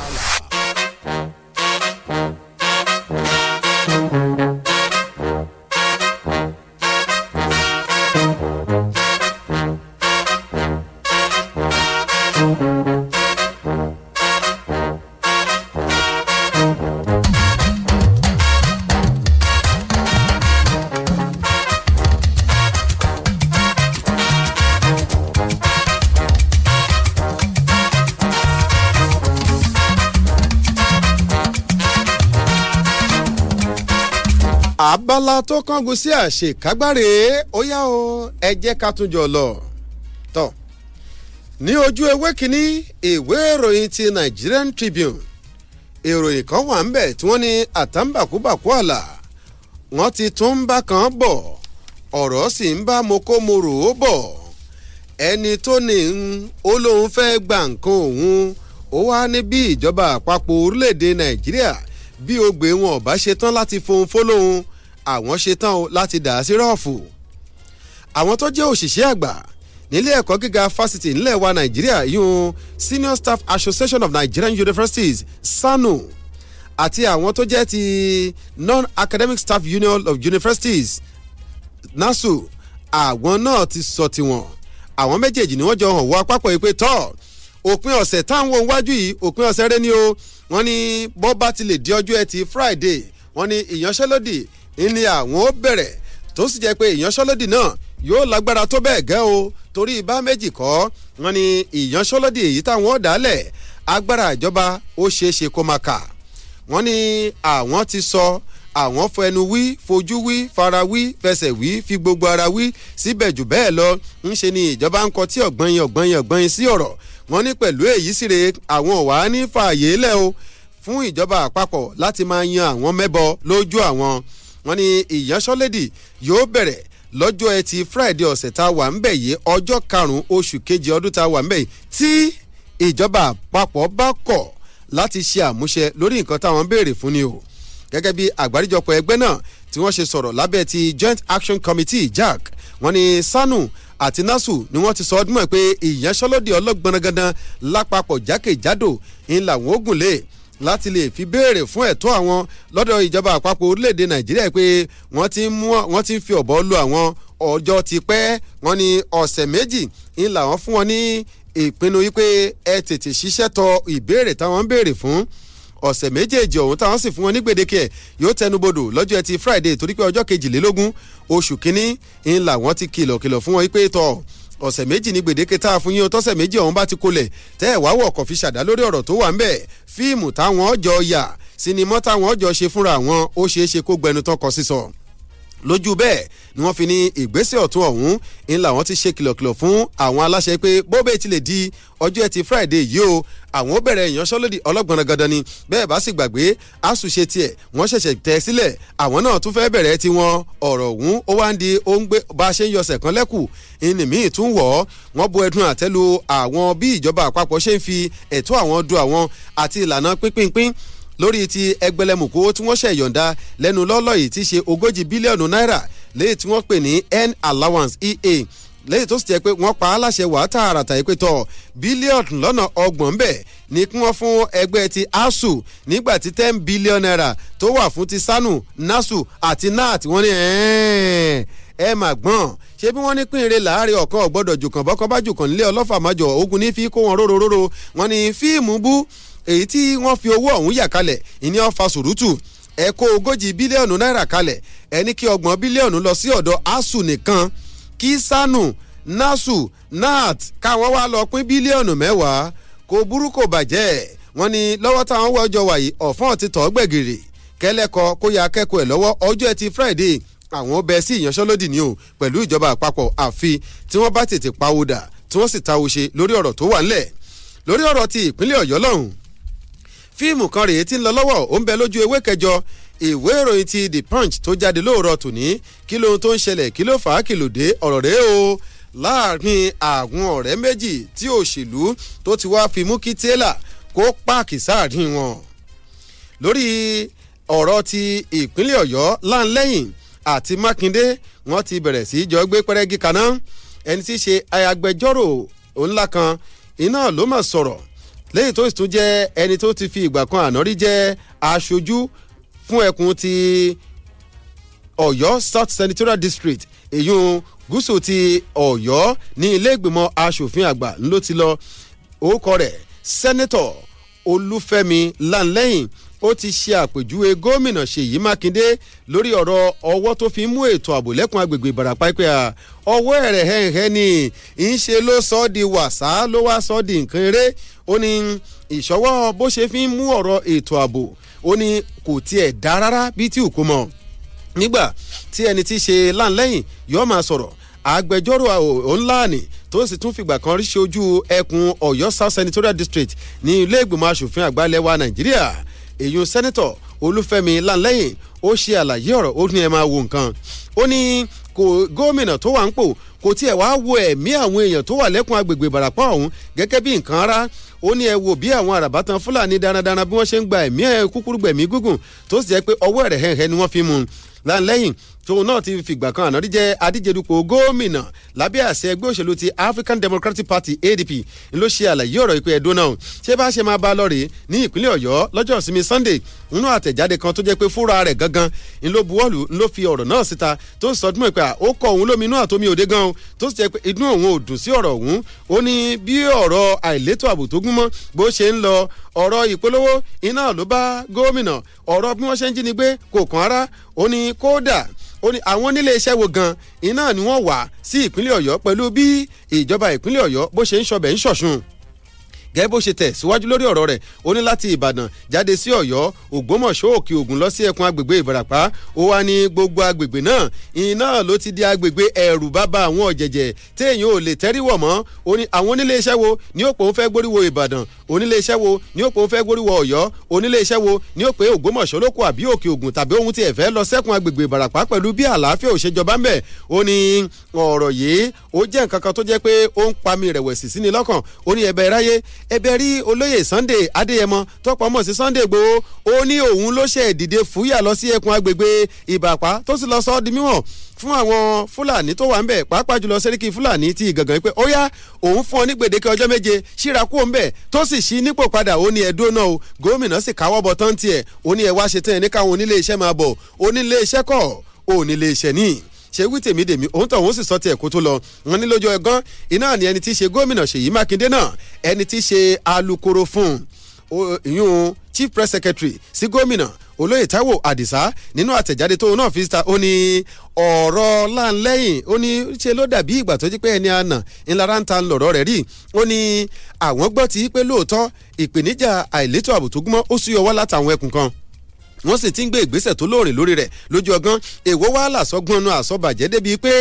ká tó kángun sí àṣekágbáre ó yá o ẹ jẹ́ ká tún jọ lọ. tọ́ ní ojú ewé kínní ìwé ìròyìn ti Nigerian Tribune ìròyìn kan wà ń bẹ̀ tí wọ́n ní àtàǹbàkúbàkú àlà wọ́n ti tún ń bá kan bọ̀ ọ̀rọ̀ sì ń bá mokomoro bọ̀ ẹni tó ní ń ó lóun fẹ́ gba nǹkan òun ó wá ní ìjọba àpapọ̀ orílẹ̀-èdè Nàìjíríà bí ogbè wọn ò bá láti fohùn fólóhùn àwọn ṣetán o láti dà á sí rọ́ọ̀fù àwọn tó jẹ́ òṣìṣẹ́ àgbà nílé ẹ̀kọ́ gíga fásitì nílẹ̀ wa nàìjíríà yún senior staff association of nigerian universities sanu àti àwọn tó jẹ́ ti non-academic staff union of universities nasu àwọn náà ti sọ tiwọn àwọn méjèèjì ni wọ́n jọ hàn wọ apapọ̀ ìpè tọ́ òpin ọ̀sẹ̀ táwọn wájú yìí òpin ọ̀sẹ̀ rẹ ni o wọ́n ní bó bá ti lè di ọjọ́ ẹtì friday wọ́n ní ìyanṣẹ́lódì ní àwọn ó bẹ̀rẹ̀ tó sì jẹ́ pé ìyanṣẹ́lódì náà yóò lágbára tó bẹ́ẹ̀ gẹ́ o torí ibà méjì kọ́ wọn ni ìyanṣẹ́lódì èyí táwọn ó dálẹ̀ agbára ìjọba ó ṣeé ṣe kó máa kà wọ́n ní àwọn ti sọ àwọn fẹnu wí fojú wí fara wí fẹsẹ̀ wí fi gbogbo ara wí síbẹ̀ jù bẹ́ẹ̀ lọ ń ṣe ni ìjọba ń kọtí ọ̀gbọ́nyin ọ̀gbọ́nyin ọ̀gbọ́nyin sí ọ̀rọ̀ wọ́n ní pẹ̀lú èyí síre àwọn ò ní fààyè lẹ̀ o fún ìjọba àpapọ̀ láti máa yan àwọn mẹ́bọ lójú àwọn wọ́n ní ìyanṣẹ́lódì yóò bẹ̀rẹ̀ lọ́jọ́ ẹtì friday ọ̀sẹ̀ tá a wà ń bẹ̀ yìí ọjọ́ karùn-ún oṣù kejì ọdún tá a wà ń bẹ̀ yìí tí ìjọba àpapọ̀ bá kọ̀ láti ṣe àmúṣe lórí nǹkan táwọn béèrè fún ni o gẹ́gẹ́ bí àgbáríjọpọ̀ ẹgbẹ́ náà tí wọ́n ṣe sọ̀rọ̀ lábẹ́ ti joint action committee Jack wọ́n ní sanu àti nasu ni wọ́n ti sọ ọdún mọ̀ pé ìyanṣẹ́lódì ọlọ́gbọ̀nrangandan lápapọ̀ jákèjádò ńlá wọn ó gùn lé láti lè fi béèrè fún ẹ̀tọ́ àwọn lọ́dọ̀ ìjọba àpapọ̀ orílẹ̀-èdè nàìjíríà pé wọ́n ti ń fi ọ̀bọ lu àwọn ọjọ́ ti pẹ́ wọ́n ní ọ̀sẹ̀ méjì ń làwọn fún wọn ní ìpinnu wípé ẹ tètè ṣiṣẹ́ tọ ìbéèrè táwọn ń béèrè fún ọ̀sẹ̀ méjèèjì ọ̀hún táwọn sì fún wọn ní gbèdéke ẹ̀ yóò tẹnubodò lọ́jọ́ ẹtì friday torí pé ọjọ́ kejìlélógún oṣù kínní ń làwọn ti kìlọ̀kìlọ̀ fún wọn wípé tọ̀ ọ̀sẹ̀ méjì ní gbèdéke tá a fún yín o tọ́sẹ̀ méjì ọ̀hún bá ti kolẹ̀ tẹ́ ẹ̀ wá wọ̀kọ̀ fi ṣàdá lórí ọ̀rọ̀ tó wà ń bẹ̀ fíìmù táwọn ọjọ́ yà sinimọ́ táwọn ọjọ́ ṣe fúnra wọn ó ṣeé kó gbẹnu tán kọ sísọ lójú bẹ́ẹ̀ ni wọ́n fi ní ìgbésẹ̀ ọ̀tún ọ̀hún ń làwọn ti ṣe kìlọ̀kìlọ̀ fún àwọn aláṣẹ pé bóbẹ́ ti lè di ọjọ́ ẹtì Friday yìí o àwọn ó bẹ̀rẹ̀ ìyanṣẹ́lódì ọlọ́gbọ̀nrán gandan ni bẹ́ẹ̀ bá sì gbàgbé àṣùṣe tiẹ̀ wọ́n ṣẹ̀ṣẹ̀ tẹ̀ sílẹ̀ àwọn náà tún fẹ́ bẹ̀rẹ̀ ti wọn ọ̀rọ̀ ọ̀hún ó wá ń di ó ń gbé bá a ṣe ń yọsẹ̀ kan lẹ́kù ìní míì tún wọ̀ ọ́ wọ́n bu ẹdun àtẹ́lu àwọn bí ìjọba àpapọ̀ ṣe ń fi ẹ̀tọ́ àwọn du àwọn àti ìlànà pínpínpín lórí ti ẹgbẹ̀lẹ́mùkú tí wọ́n ṣẹ̀yọ̀ǹda lẹ́nu lọ́lọ́ yìí ti ṣe ogójì bílíọ̀nù náírà léyìí tí wọ́n pè ní n allowance ea lẹ́yìn tó sì jẹ́ pé wọ́n pa á láṣẹ wàá tààràtà yìí pé tọ́ bílíọ̀nù lọ́nà ọgbọ̀n bẹ́ẹ̀ ni kí wọ́n fún ẹgbẹ́ ti asu nígbà tí ten billion naira tó wà fún ti sanu nasu àti nat wọ́n ní ẹ mà gbọ́n ṣé bí wọ́n ní pínre láàrin ọ̀kan ọ̀gbọ́dọ̀ jùkàn bọ́kọ́ bá jùkàn nílé ọlọ́fà májọ ogun ní fi kó wọn róróróró wọ́n ní fíìmù bú èyí tí wọ́n fi owó ọ̀hún yà kalẹ̀ ìní ọ̀fà sòrútù ẹ kó ogójì bílíọ̀nù náírà kalẹ̀ ẹ ní kí ọgbọ̀n bílíọ̀nù lọ sí ọ̀dọ̀ asuu nìkan kí sanu nasu nat káwọn wá lọ pín bílíọ̀nù mẹ́wàá kò burú kò bàjẹ́ wọ́n ní lọ́wọ́ táwọn wọ́ ọjọ́ wàyí ọ̀fọ́n ti tọ́ gbẹ̀gìrì kẹ́lẹ́kọ kó ya akẹ́kọ̀ọ́ ẹ̀ lọ́wọ́ ọjọ́ ẹtì friday àwọn ọbẹ̀ sí ìyanṣẹ́lódì ni o pẹ̀lú ìjọba àpapọ̀ àfi tí wọ́n bá tètè pawó dà tí wọ́n sì ta oṣe lórí ọ̀rọ̀ tó wà ńlẹ̀ lórí ọ̀rọ̀ ti ìpínlẹ̀ ọ̀yọ́ lọ́hùn fíìmù kan rèé tí ń lọ lọ́wọ́ ó ń bẹ lójú ewé kẹjọ ìwé ìròyìn ti the punch tó jáde lóòrọ̀ tòní kí lóhun tó ń ṣẹlẹ̀ kí ló fà á kí lòdè ọ̀rọ̀ rèé o láàrin àwọn ọ̀rẹ́ méjì tí òṣèlú tó ti wá fi mú kí tẹ́lá kó páàkì sáàrin wọn. lórí ọ̀rọ̀ ti ìpínlẹ̀ ọ̀yọ́ láńlẹ́yìn àti mákindé wọ́n ti bẹ̀rẹ̀ sí jọ gbé pẹ́rẹ́gì kaná ẹni tí í ṣe ayagbẹjọ́rò ńlá kan iná ló mà sọ̀rọ̀ lẹ́yìn tó sì tún jẹ́ ẹni tó ti fi ìgbà kan ànárí jẹ́ aṣojú fún ẹkùn ti Ọ̀yọ́ South Senatorial District èyún gúúsù ti Ọ̀yọ́ ní ilé ìgbìmọ̀ asòfin àgbà ló ti lọ orúkọ rẹ̀ sẹ́nẹ́tọ̀ Olúfẹ́mi Lanlẹ́yìn ó ti ṣe àpèjúwe gómìnà ṣèyí mákindé lórí ọ̀rọ̀ ọwọ́ tó fi mú ètò ààbò lẹ́kùn agbègbè ìbàràpá pé ọwọ́ ẹ̀rẹ̀ hẹ́hẹ́ ni ń ṣe ló sọ ọ́ di wàsá ló wá sọ ọ́ di nǹkan eré ó ní ìṣọwọ́ bó ṣe fi ń mú ọ̀rọ̀ ètò ààbò ó ní kò tiẹ̀ dá rárá bí tí ò kó mọ̀ nígbà tí ẹni tí ṣe láńlẹ́yìn yóò máa sọ̀rọ̀ agbẹjọ́rò ọ̀nlànì tó sì tún fìgbà kan rí ṣojú ẹkùn ọ̀yọ́ south senatorial district ní ilé ìgbìmọ̀ asòfin àgbà ilẹ̀ wa nàìjíríà èyún sẹ́nitọ̀ olúfẹ́mi lanlẹ́yìn ó ṣe àlàyé ọ̀rọ̀ ó ní ẹ máa wo nǹkan ó ní kò gómìnà tó wà ń pò kò tiẹ̀ wá wo ẹ̀mí àwọn èèyàn tó wà lẹ́kùn agbègbè ìbàràpá ọ̀hún gẹ́gẹ́ bí nǹkan ara ó ní ẹ wo bí àwọn àràbátan fúlàní darandaran bí wọ́n ṣe ń gba ẹ̀mí ẹ̀ kúkúrú gbẹ̀mí gígùn tó sì jẹ́ pé ọwọ́ rẹ̀ hẹ̀hẹ̀ ni wọ́n fi mú un lanlẹ́yìn tóun náà ti fìgbà kan àná rí jẹ́ adíjedupò gómìnà lábẹ́ àṣẹ ẹgbẹ́ òṣèlú ti African Democratic Party ADP ń ló ṣe àlàyé ọ̀rọ̀ ìpè ẹ̀dùn náà ṣé bá ṣe máa bá a ní ìpínlẹ̀ Ọ̀yọ́ lọ́jọ́ ìsinmi Sunday nínú àtẹ̀jáde kan tó jẹ́ pé fúnra rẹ̀ gangan ń ló buwọ́lù ń ló fi ọ̀rọ̀ náà síta tó ń sọdún ìpè ó kọ òun lómi inú àtomi òde gan tó sì jẹ́ pé inú òun ò dùn sí ọ̀rọ̀ òun ìpolówó iná ló bá gómìnà ọ̀rọ̀ bí wọ́n ṣe ń jíni gbé kò kàn ara ó ní kódà àwọn oníléeṣẹ́ wo gan iná ni wọ́n wà sí ìpínlẹ̀ ọ̀yọ́ pẹ̀lú bí ìjọba ìpínlẹ̀ ọ̀yọ́ bó ṣe ń ṣọbẹ̀ ń ṣọ̀ṣun gẹ́gẹ́ bó ṣe tẹ̀ síwájú lórí ọ̀rọ̀ rẹ̀ ó ní láti ìbàdàn jáde sí ọ̀yọ́ ògbómọ̀ṣọ́ òkè ògùn lọ sí ẹkùn agbègbè ìbàràpá ó wà ní gbogbo agbègbè náà iná ló ti di agbègbè ẹ̀rù bàbá àwọn ọ̀jẹ̀jẹ̀ téèyàn ò lè tẹ́ríwọ̀ mọ́ ó ní àwọn oníléeṣẹ́ wo ní òpó ń fẹ́ gbóríwò ìbàdàn oníléeṣẹ́ wo ní òpó ń fẹ́ gbóríwò ọ̀yọ́ oníléeṣẹ́ wo ní òpó ògbómọ̀ṣọ́ lóko àbí òkè ògùn tàbí ohun tí ẹ fẹ́ lọ sẹ́kùn agbègbè ìbàràpá pẹ̀lú bí àlàáfíà ò ń bẹ̀ ó ní ọ̀rọ̀ yìí ó jẹ́ nǹkan kan tó jẹ́ pé ó ń pa mi rẹ̀wẹ̀sì sí ni lọ́kàn ó ní ẹ̀bẹ̀ ẹbẹ rí olóyè Sunday Adéyẹmọ tọpọ mọ sí Sunday Igboho ó ní òun ló ṣe dìde fúyà lọ sí ẹkùn agbègbè Ìbàpá tó sì lọ sọ ọ́ di mímọ̀ fún àwọn fúlàní tó wà ń bẹ̀ pàápàá jùlọ sẹ́ríkì fúlàní ti ìgàngàn pé ó yá òun fún ọ ní gbèdéke ọjọ́ méje síra kúrò ń bẹ̀ tó sì ṣí nípò padà ó ní ẹ̀dúró náà o gómìnà sì káwọ́ bọ̀ tán tiẹ̀ ó ní ẹ̀ wá ṣetán ẹ̀ ní káwọn onílé máa bọ̀ onílé iṣẹ́ kọ̀ níì ṣe wí tèmi dèmi òun tó òun sì sọ tiẹ̀ kó tó lọ wọn ní lójú ẹgán iná ni ẹni tí ṣe gómìnà Ṣèyí Mákindé náà ẹni tí ṣe alukoro fún ìyún chief press secretary sí gómìnà olóyè Táíwò adisa nínú àtẹ̀jáde tóun náà fi ta ó ní ọ̀rọ̀ láńlẹ́yìn ó ní ṣe ló dàbí ìgbà tó jí pé ẹni àná ńlára ń ta lọ̀rọ̀ rẹ̀ rí ó ní àwọn gbọ́ ti pé lóòótọ́ ìpèníjà àìlétò ààbò ó súyọ wá látàwọn ẹkùn kan wọ́n sì ti ń gbé ìgbésẹ̀ tó lóòrè lórí rẹ̀ lójú ọgán èwo wàhálà sọgbọ́n nu àsọbàjẹ́ débi pé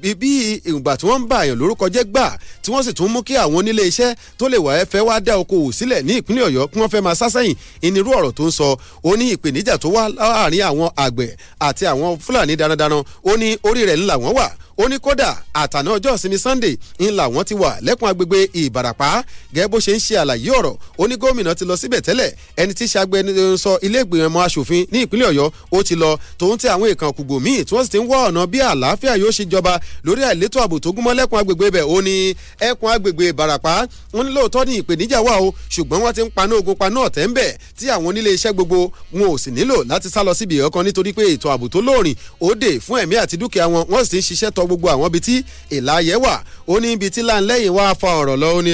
bí ìgbà tí wọ́n ń bá àyàn lórúkọ jẹ́ gbà tí wọ́n sì tún mú kí àwọn onílé iṣẹ́ tó lè wà ẹ́ fẹ́ wá dá okòwò sílẹ̀ ní ìpínlẹ̀ ọ̀yọ́ kí wọ́n fẹ́ máa sásẹ́yìn ìnirú ọ̀rọ̀ tó ń sọ ó ní ìpèníjà tó wá láàrin àwọn àgbẹ̀ àti àwọn fúlàní darandaran ó ní orí rẹ̀ ńlá wọ́n wà ó ní kódà àtàná ọjọ́ ìsinmi sunday ń làwọn ti wà lẹ́kùn agbègbè ìbàràpá gẹ́gẹ́ bó ṣe ń ṣe àlàyé ọ̀rọ̀ ó ní gómìnà ti lọ síbẹ̀ tẹ́lẹ̀ ẹni tí ṣàgbẹnusọ ilé ìgbìmọ̀ asòfin ní ìpínlẹ̀ ọ̀yọ́ ó ti lọ tòun ti àwọn ìkànkùgbò míì tí wọ́n sì ti ń wá ọ̀nà bí àlàáfíà yóò ṣe jọba lórí àìlétò ààbò tó gúnmọ́ lẹ́kùn agbègbè ibẹ̀ ó ní ẹkùn agbègbè ìbàràpá wọn ní lóòótọ́ ní ìpèníjà wà o ṣùgbọ́n wọ́n ti ń paná ogun paná ọ̀tẹ̀ ń bẹ̀ tí àwọn onílé iṣẹ́ gbogbo wọn ò sì nílò láti sá lọ síbi ọkàn nítorí pé ètò ààbò tó lóòrìn ó dè fún ẹ̀mí àti dúkìá wọn wọ́n sì ń ṣiṣẹ́ tọ gbogbo àwọn ibi tí ìlàyé wà ó ní ibi tí láńlẹ́yìn wá fa ọ̀rọ̀ lọ ó ní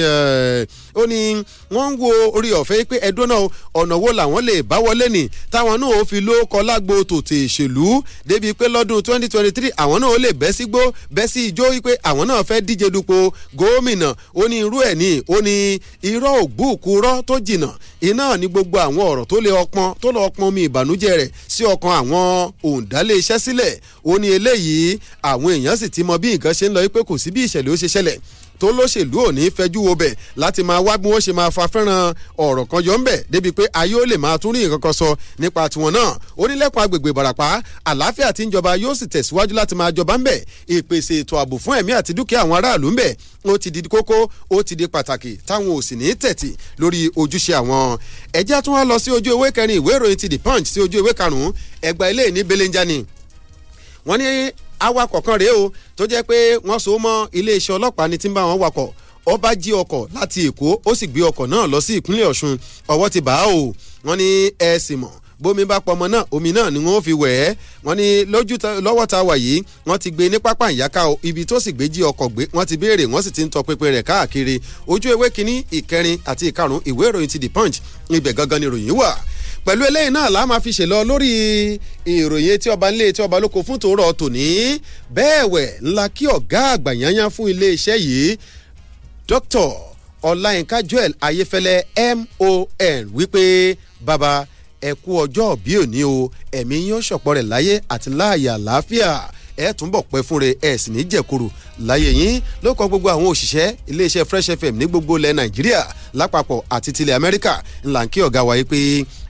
ó ní wọ́n ń wo orí ọ̀fẹ́ pé ẹdún náà ọ̀nà wo làwọn lè bá wọlé nì táwọn náà ó fi ló kọ lágbo tòtè ìṣèlú débi pé lọ́dún 2023 àwọn náà ó lè bẹ́ sígbó bẹ́ sí ijó wípé àwọn náà fẹ́ díje dupò gómìnà ó ní irú ẹ̀ ní ó ní irọ́ ògbúkúrọ́ tó jìnnà iná ní gbogbo àwọn ọ̀rọ̀ tó lè ọpọn tó lọ ọpọn omi ìbànújẹ́ rẹ̀ sí ọkàn àwọn òǹdálẹ́iṣẹ́ ó ní eléyìí àwọn èèyàn sì ti mọ bí nǹkan ṣe ń lọ wípé kò sí bí ìṣẹ̀lẹ̀ ó ṣe ṣẹlẹ̀ tó lóṣèlú ò ní fẹjú wo bẹ̀ láti máa wá bí wọ́n ṣe máa fa fẹ́ràn ọ̀rọ̀ kan yọ ń bẹ̀ débi pé ayé ó lè máa tún rí nǹkan kan sọ nípa tiwọn náà onílẹ̀kùn agbègbè ìbàràpá àlàáfíà tí ń jọba yóò sì tẹ̀síwájú láti máa jọba ń bẹ̀ ìpèsè ètò ààbò fún ẹ̀mí àti dúkìá àwọn aráàlú ń bẹ̀ ó ti di kókó ó ti di pàtàkì táwọn ò sì ní tẹ̀tì lórí ojúṣe àwọn ẹ̀jẹ̀ tún wá lọ sí ojú ewé kẹrin ìwé ìròyìn ti the punch sí ojú ewé karùn-ún ẹgbàá ilé ìní belenjani wọ́n ní awakọ̀ kan rèé o tó jẹ́ pé wọ́n so mọ́ iléeṣẹ́ ọlọ́pàá ni tí ń bá wọn wakọ̀ ó bá jí ọkọ̀ láti èkó ó sì gbé ọkọ̀ náà lọ sí ìpínlẹ̀ ọ̀ṣun ọwọ́ ti bá o wọ́n ní ẹ sì mọ̀ bómi bá pọmọ náà omi náà ni wọn ò fi wẹ̀ ẹ́ wọn ní lójú lọ́wọ́ ta wà yìí wọ́n ti gbé ní pápá ìyáká o ibi tó sì gbé jí ọkọ̀ gbé wọ́n ti béèrè wọ́n sì ti ń tọ pépé rẹ̀ káàkiri ojú ewé kínní ìkẹrin àti ìkarùn ìwé ìròyìn ti the punch ibẹ̀ gangan ni ìròyìn wà pẹ̀lú eléyìí náà la máa fi ṣèlọ lórí ìròyìn etí ọba nílé etí ọba lóko fún tòórọ́ tòní bẹ́ẹ̀ wẹ̀ ńlá kí ọ̀gá àgbà yányán fún iléeṣẹ́ yìí Dr. Ọláyínká Joel Ayéfẹ́lẹ́ MON wípé bàbá ẹ kú ọjọ́ bí òní o ẹ̀mí yín ó ṣọ̀pọ̀ rẹ̀ láyé àti láàyè àlàáfíà ẹ túnbọ̀ pẹ́ fún re ẹ sì ní jẹ̀kuru láyé yín ló kọ́ gbogbo àwọn òṣìṣẹ́ iléeṣẹ́ Fresh FM ní gbogbo ilẹ̀ Nàìjíríà lápapọ̀ àti tilẹ̀ Amẹ́ríkà ńlá ń kí ọ̀gá wa pé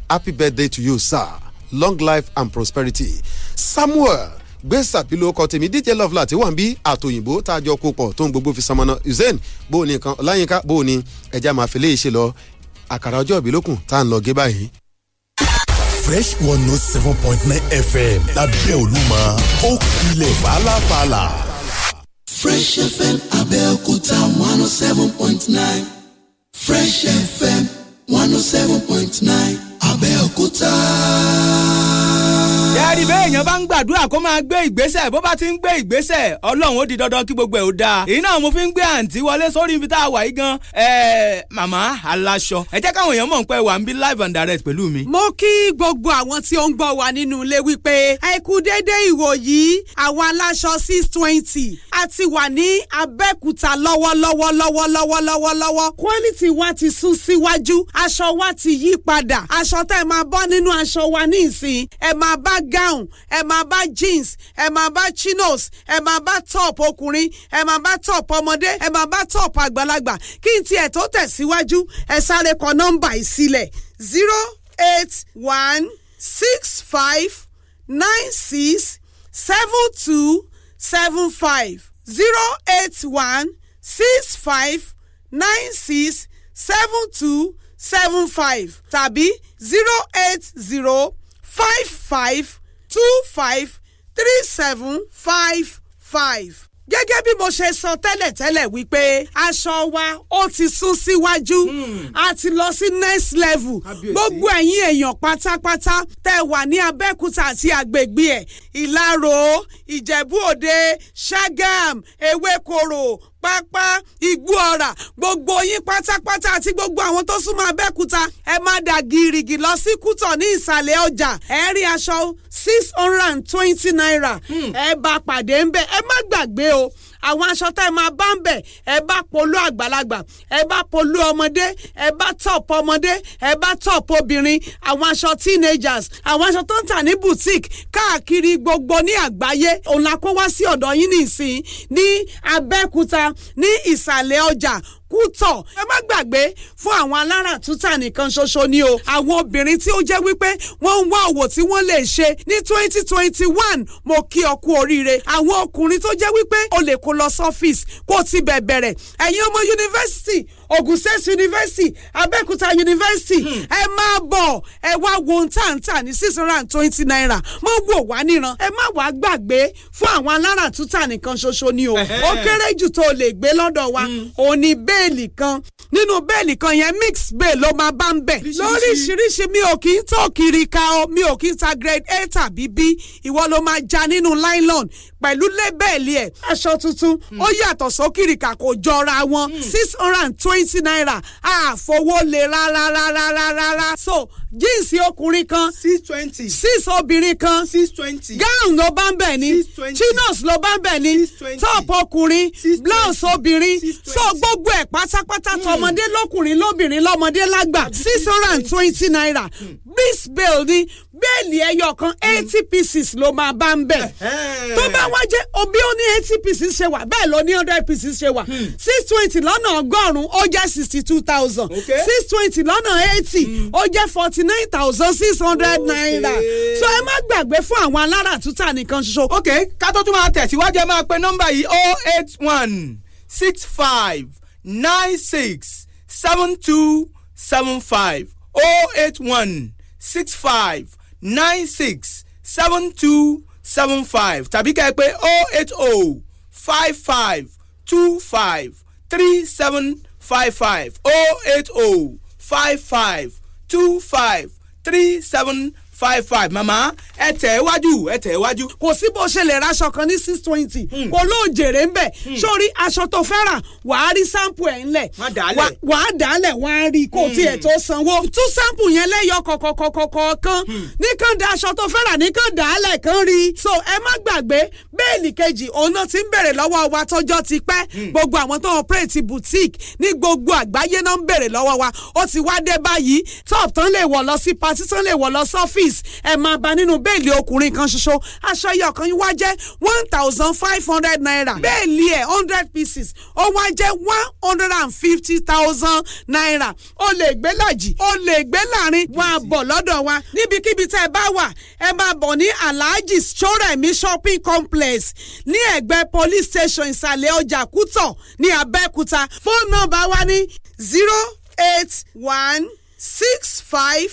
happy birthday to you sir long life and prosperity samuel gbèsàbí ló kọ tèmi díje love láti wà ń bí àtòyìnbó tá a jọ kó pọ̀ tó ń gbogbo fi sanmọ́nà hussein bóun ni nǹkan ọláyínká bóun ni ẹja máa fi léyìí ṣe lọ àkàrà ọjọ́ ìbí lókun tá à ń lọ gé báyìí. fresh one note oh seven point nine fm lábẹ́ olúmọ ó kilẹ̀ fàlàfàlà. fresh fm abẹ́òkúta one oh seven point nine fresh fm one oh seven point nine Abẹ́òkúta ṣẹ́ẹ́rì bẹ́ẹ̀ èèyàn bá ń gbàdúrà kó máa gbé ìgbésẹ̀ bó bá ti ń gbé ìgbésẹ̀ ọlọ́run ó di dandan kí gbogbo ẹ̀ ó dáa èyí náà mo fi ń gbé àǹtí wọlé sórí ibi tá a wà yìí gan ẹ màmá aláṣọ ẹ jẹ́ káwọn èèyàn mọ̀ pé wà ń bí live and direct pẹ̀lú mi. mo kí gbogbo àwọn tí ó ń gbọ́ wa nínú ilé wípé ẹ kú déédéé ìwòyí àwọn aláṣọ six twenty a ti wà ní abẹ́kúta lọ́wọ́lọ́wọ́ lọ́wọ́lọ́wọ́lọ́wọ́ quality wa ti sún síwájú aṣọ wa ti yí padà aṣọ tẹ́ máa bọ́ nínú aṣọ wa ní ìsìn ẹ máa bá gown ẹ máa bá jeans ẹ máa bá chinos ẹ máa bá top ọkùnrin ẹ máa bá top ọmọdé ẹ máa bá top àgbàlagbà kí n tiẹ̀ tó tẹ̀síwájú ẹ sáré kọ nọ́mbà yìí zero eight one six five nine six seven two seven five zero eight one six five nine six seven two seven five tàbí zero eight zero five five two five three seven five five gẹ́gẹ́ bí mo ṣe sọ tẹ́lẹ̀tẹ́lẹ̀ wípé aṣọ wa ó ti sún síwájú hmm. a ti lọ sí next level gbogbo ẹ̀yin èèyàn pátápátá tẹ́ wà ní Abẹ́òkúta àti agbègbè ẹ̀ Ìlaró Ìjẹ̀bú Òde Ṣàgàm Ewékòró pápá ìgbó ọ̀rà gbogbo yín pátápátá àti gbogbo àwọn tó súnmọ́ abẹ́kúta ẹ má dà gírígì lọ sí kútọ̀ ní ìsàlẹ̀ ọjà ẹ rí aṣọ six hundred and twenty naira hmm. ẹ bá pàdé ńbẹ ẹ má gbàgbé o àwọn aṣọ tẹ́ ẹ máa bá ń bẹ̀ ẹ bá polo àgbàlagbà ẹ bá polo ọmọdé ẹ bá top ọmọdé ẹ bá top obìnrin àwọn aṣọ teenagers àwọn aṣọ tó ń tà ní boutique káàkiri gbogbo ní àgbáyé òun la kó wá sí ọ̀dọ̀ yín nìsín ní Abẹ́òkúta ní ìsàlẹ̀ ọjà kútọ̀. ẹ má gbàgbé fún àwọn alára tútà nìkan ṣoṣo ni o àwọn obìnrin tí ó jẹ́ wípé wọ́n ń wá òwò tí wọ́n lè ṣe ní twenty twenty one mo kí ọ kú oríire àwọn ọkùnrin tó jẹ́ wípé o lè kó lọ sọ́fíìsì kó o ti bẹ̀ bẹ̀rẹ̀ ẹ̀yin ọmọ yunifásitì Ogun State University Abẹ́òkúta University hmm. ẹ máa bọ̀ ẹ wá wo ohun ní six hundred and twenty naira mo wò wá níran ẹ má wàá gbàgbé fún àwọn alára tútà nìkan ṣoṣo ni o ó kéré jù tó lè gbé lọ́dọ̀ wa hmm. òun ni bẹ́ẹ̀lì kan nínú bẹ́ẹ̀lì kan yẹn mix bẹ́ẹ̀ ló máa bá ń bẹ̀ lóríṣiríṣi mi ò kì í tó kiri ka o mi ò kì í ta grade a tàbí b ìwọ ló máa ja nínú nylon pẹ̀lú lébẹ̀lì ẹ̀ aṣọ tuntun hmm. ó yàtọ̀ sókìrìkà kò jọra wọn six hundred and twenty eighty naira àfọwọ́ lè rárá rárá rárá so jíǹsì ọkùnrin kan six twenty six obìnrin kan six twenty gown ló bá ń bẹ̀ ni chinos ló bá ń bẹ̀ ni top ọkùnrin blouse obìnrin so gbogbo ẹ̀ pátápátá hmm. tọmọdé lọkùnrin lóbìnrin lọ́mọdé lágbà hmm. six hundred and twenty naira bis hmm. bail ni bẹ́ẹ̀lì ẹyọ kan eighty pieces ló máa bá ń bẹ̀ tó bá wá jẹ́ obi ó ní eighty pieces ṣe wà bẹ́ẹ̀ ló ní hundred pieces ṣe wà six twenty lọ́nà ọgọ́rùn-ún ó jẹ́ sixty two thousand six twenty lọ́nà eighty ó jẹ́ forty twenty nine thousand six hundred naira so ẹ má gbàgbé fún àwọn alára àtúntà nìkan ṣoṣo. ok ká tó tún máa tẹ̀síwájú ẹ máa pe nọ́mbà yìí oh eight one six five nine six seven two seven five oh eight one six five nine six seven two seven five tàbí ká ẹ pé oh eight oh five five two five three seven five five oh eight oh five five two five three seven five five mama. ẹ tẹ̀ ẹ́ wájú ẹ tẹ̀ ẹ́ wájú. kò sí bó ṣe lè raṣọ kan ní six twenty hmm. kò ló jèrè ń bẹ̀ hmm. sórí aṣọ tó fẹ́ rà wàá rí sampo ẹ̀ ńlẹ̀ wàá dàálẹ̀ wàá rí kó hmm. tiẹ̀ tó sanwó tún sampo yẹn lẹ́yọ kọ̀kọ̀kọ̀kọ̀kan nìkan da aṣọ tó fẹ́ rà nìkan dàálẹ̀ kan rí. so ẹ má gbàgbé bẹ́ẹ̀lì kejì òun náà ti ń bèrè lọ́wọ́ wa tọ́jọ́ ti pẹ́ gbogbo àwọn tó operate boutique ní gbogbo àgbáyé please ẹ máa bá nínú bẹ́ẹ̀lì ọkùnrin kan ṣoṣo aṣọ iye ọ̀kan yín wá jẹ́ one thousand five hundred naira bẹ́ẹ̀lì ẹ̀ hundred pieces ó wá jẹ́ one hundred and fifty thousand naira o lè gbé làjì o lè gbé láàrin wọn á bọ̀ lọ́dọ̀ wa níbikíbi tẹ́ ẹ bá wà ẹ máa bọ̀ ní alhaji soremi shopping complex ní ẹ̀gbẹ́ police station ìsàlẹ̀ ọjà kútọ̀ ní abẹ́òkúta fóònù nọ́mbà wa ní zero eight one six five.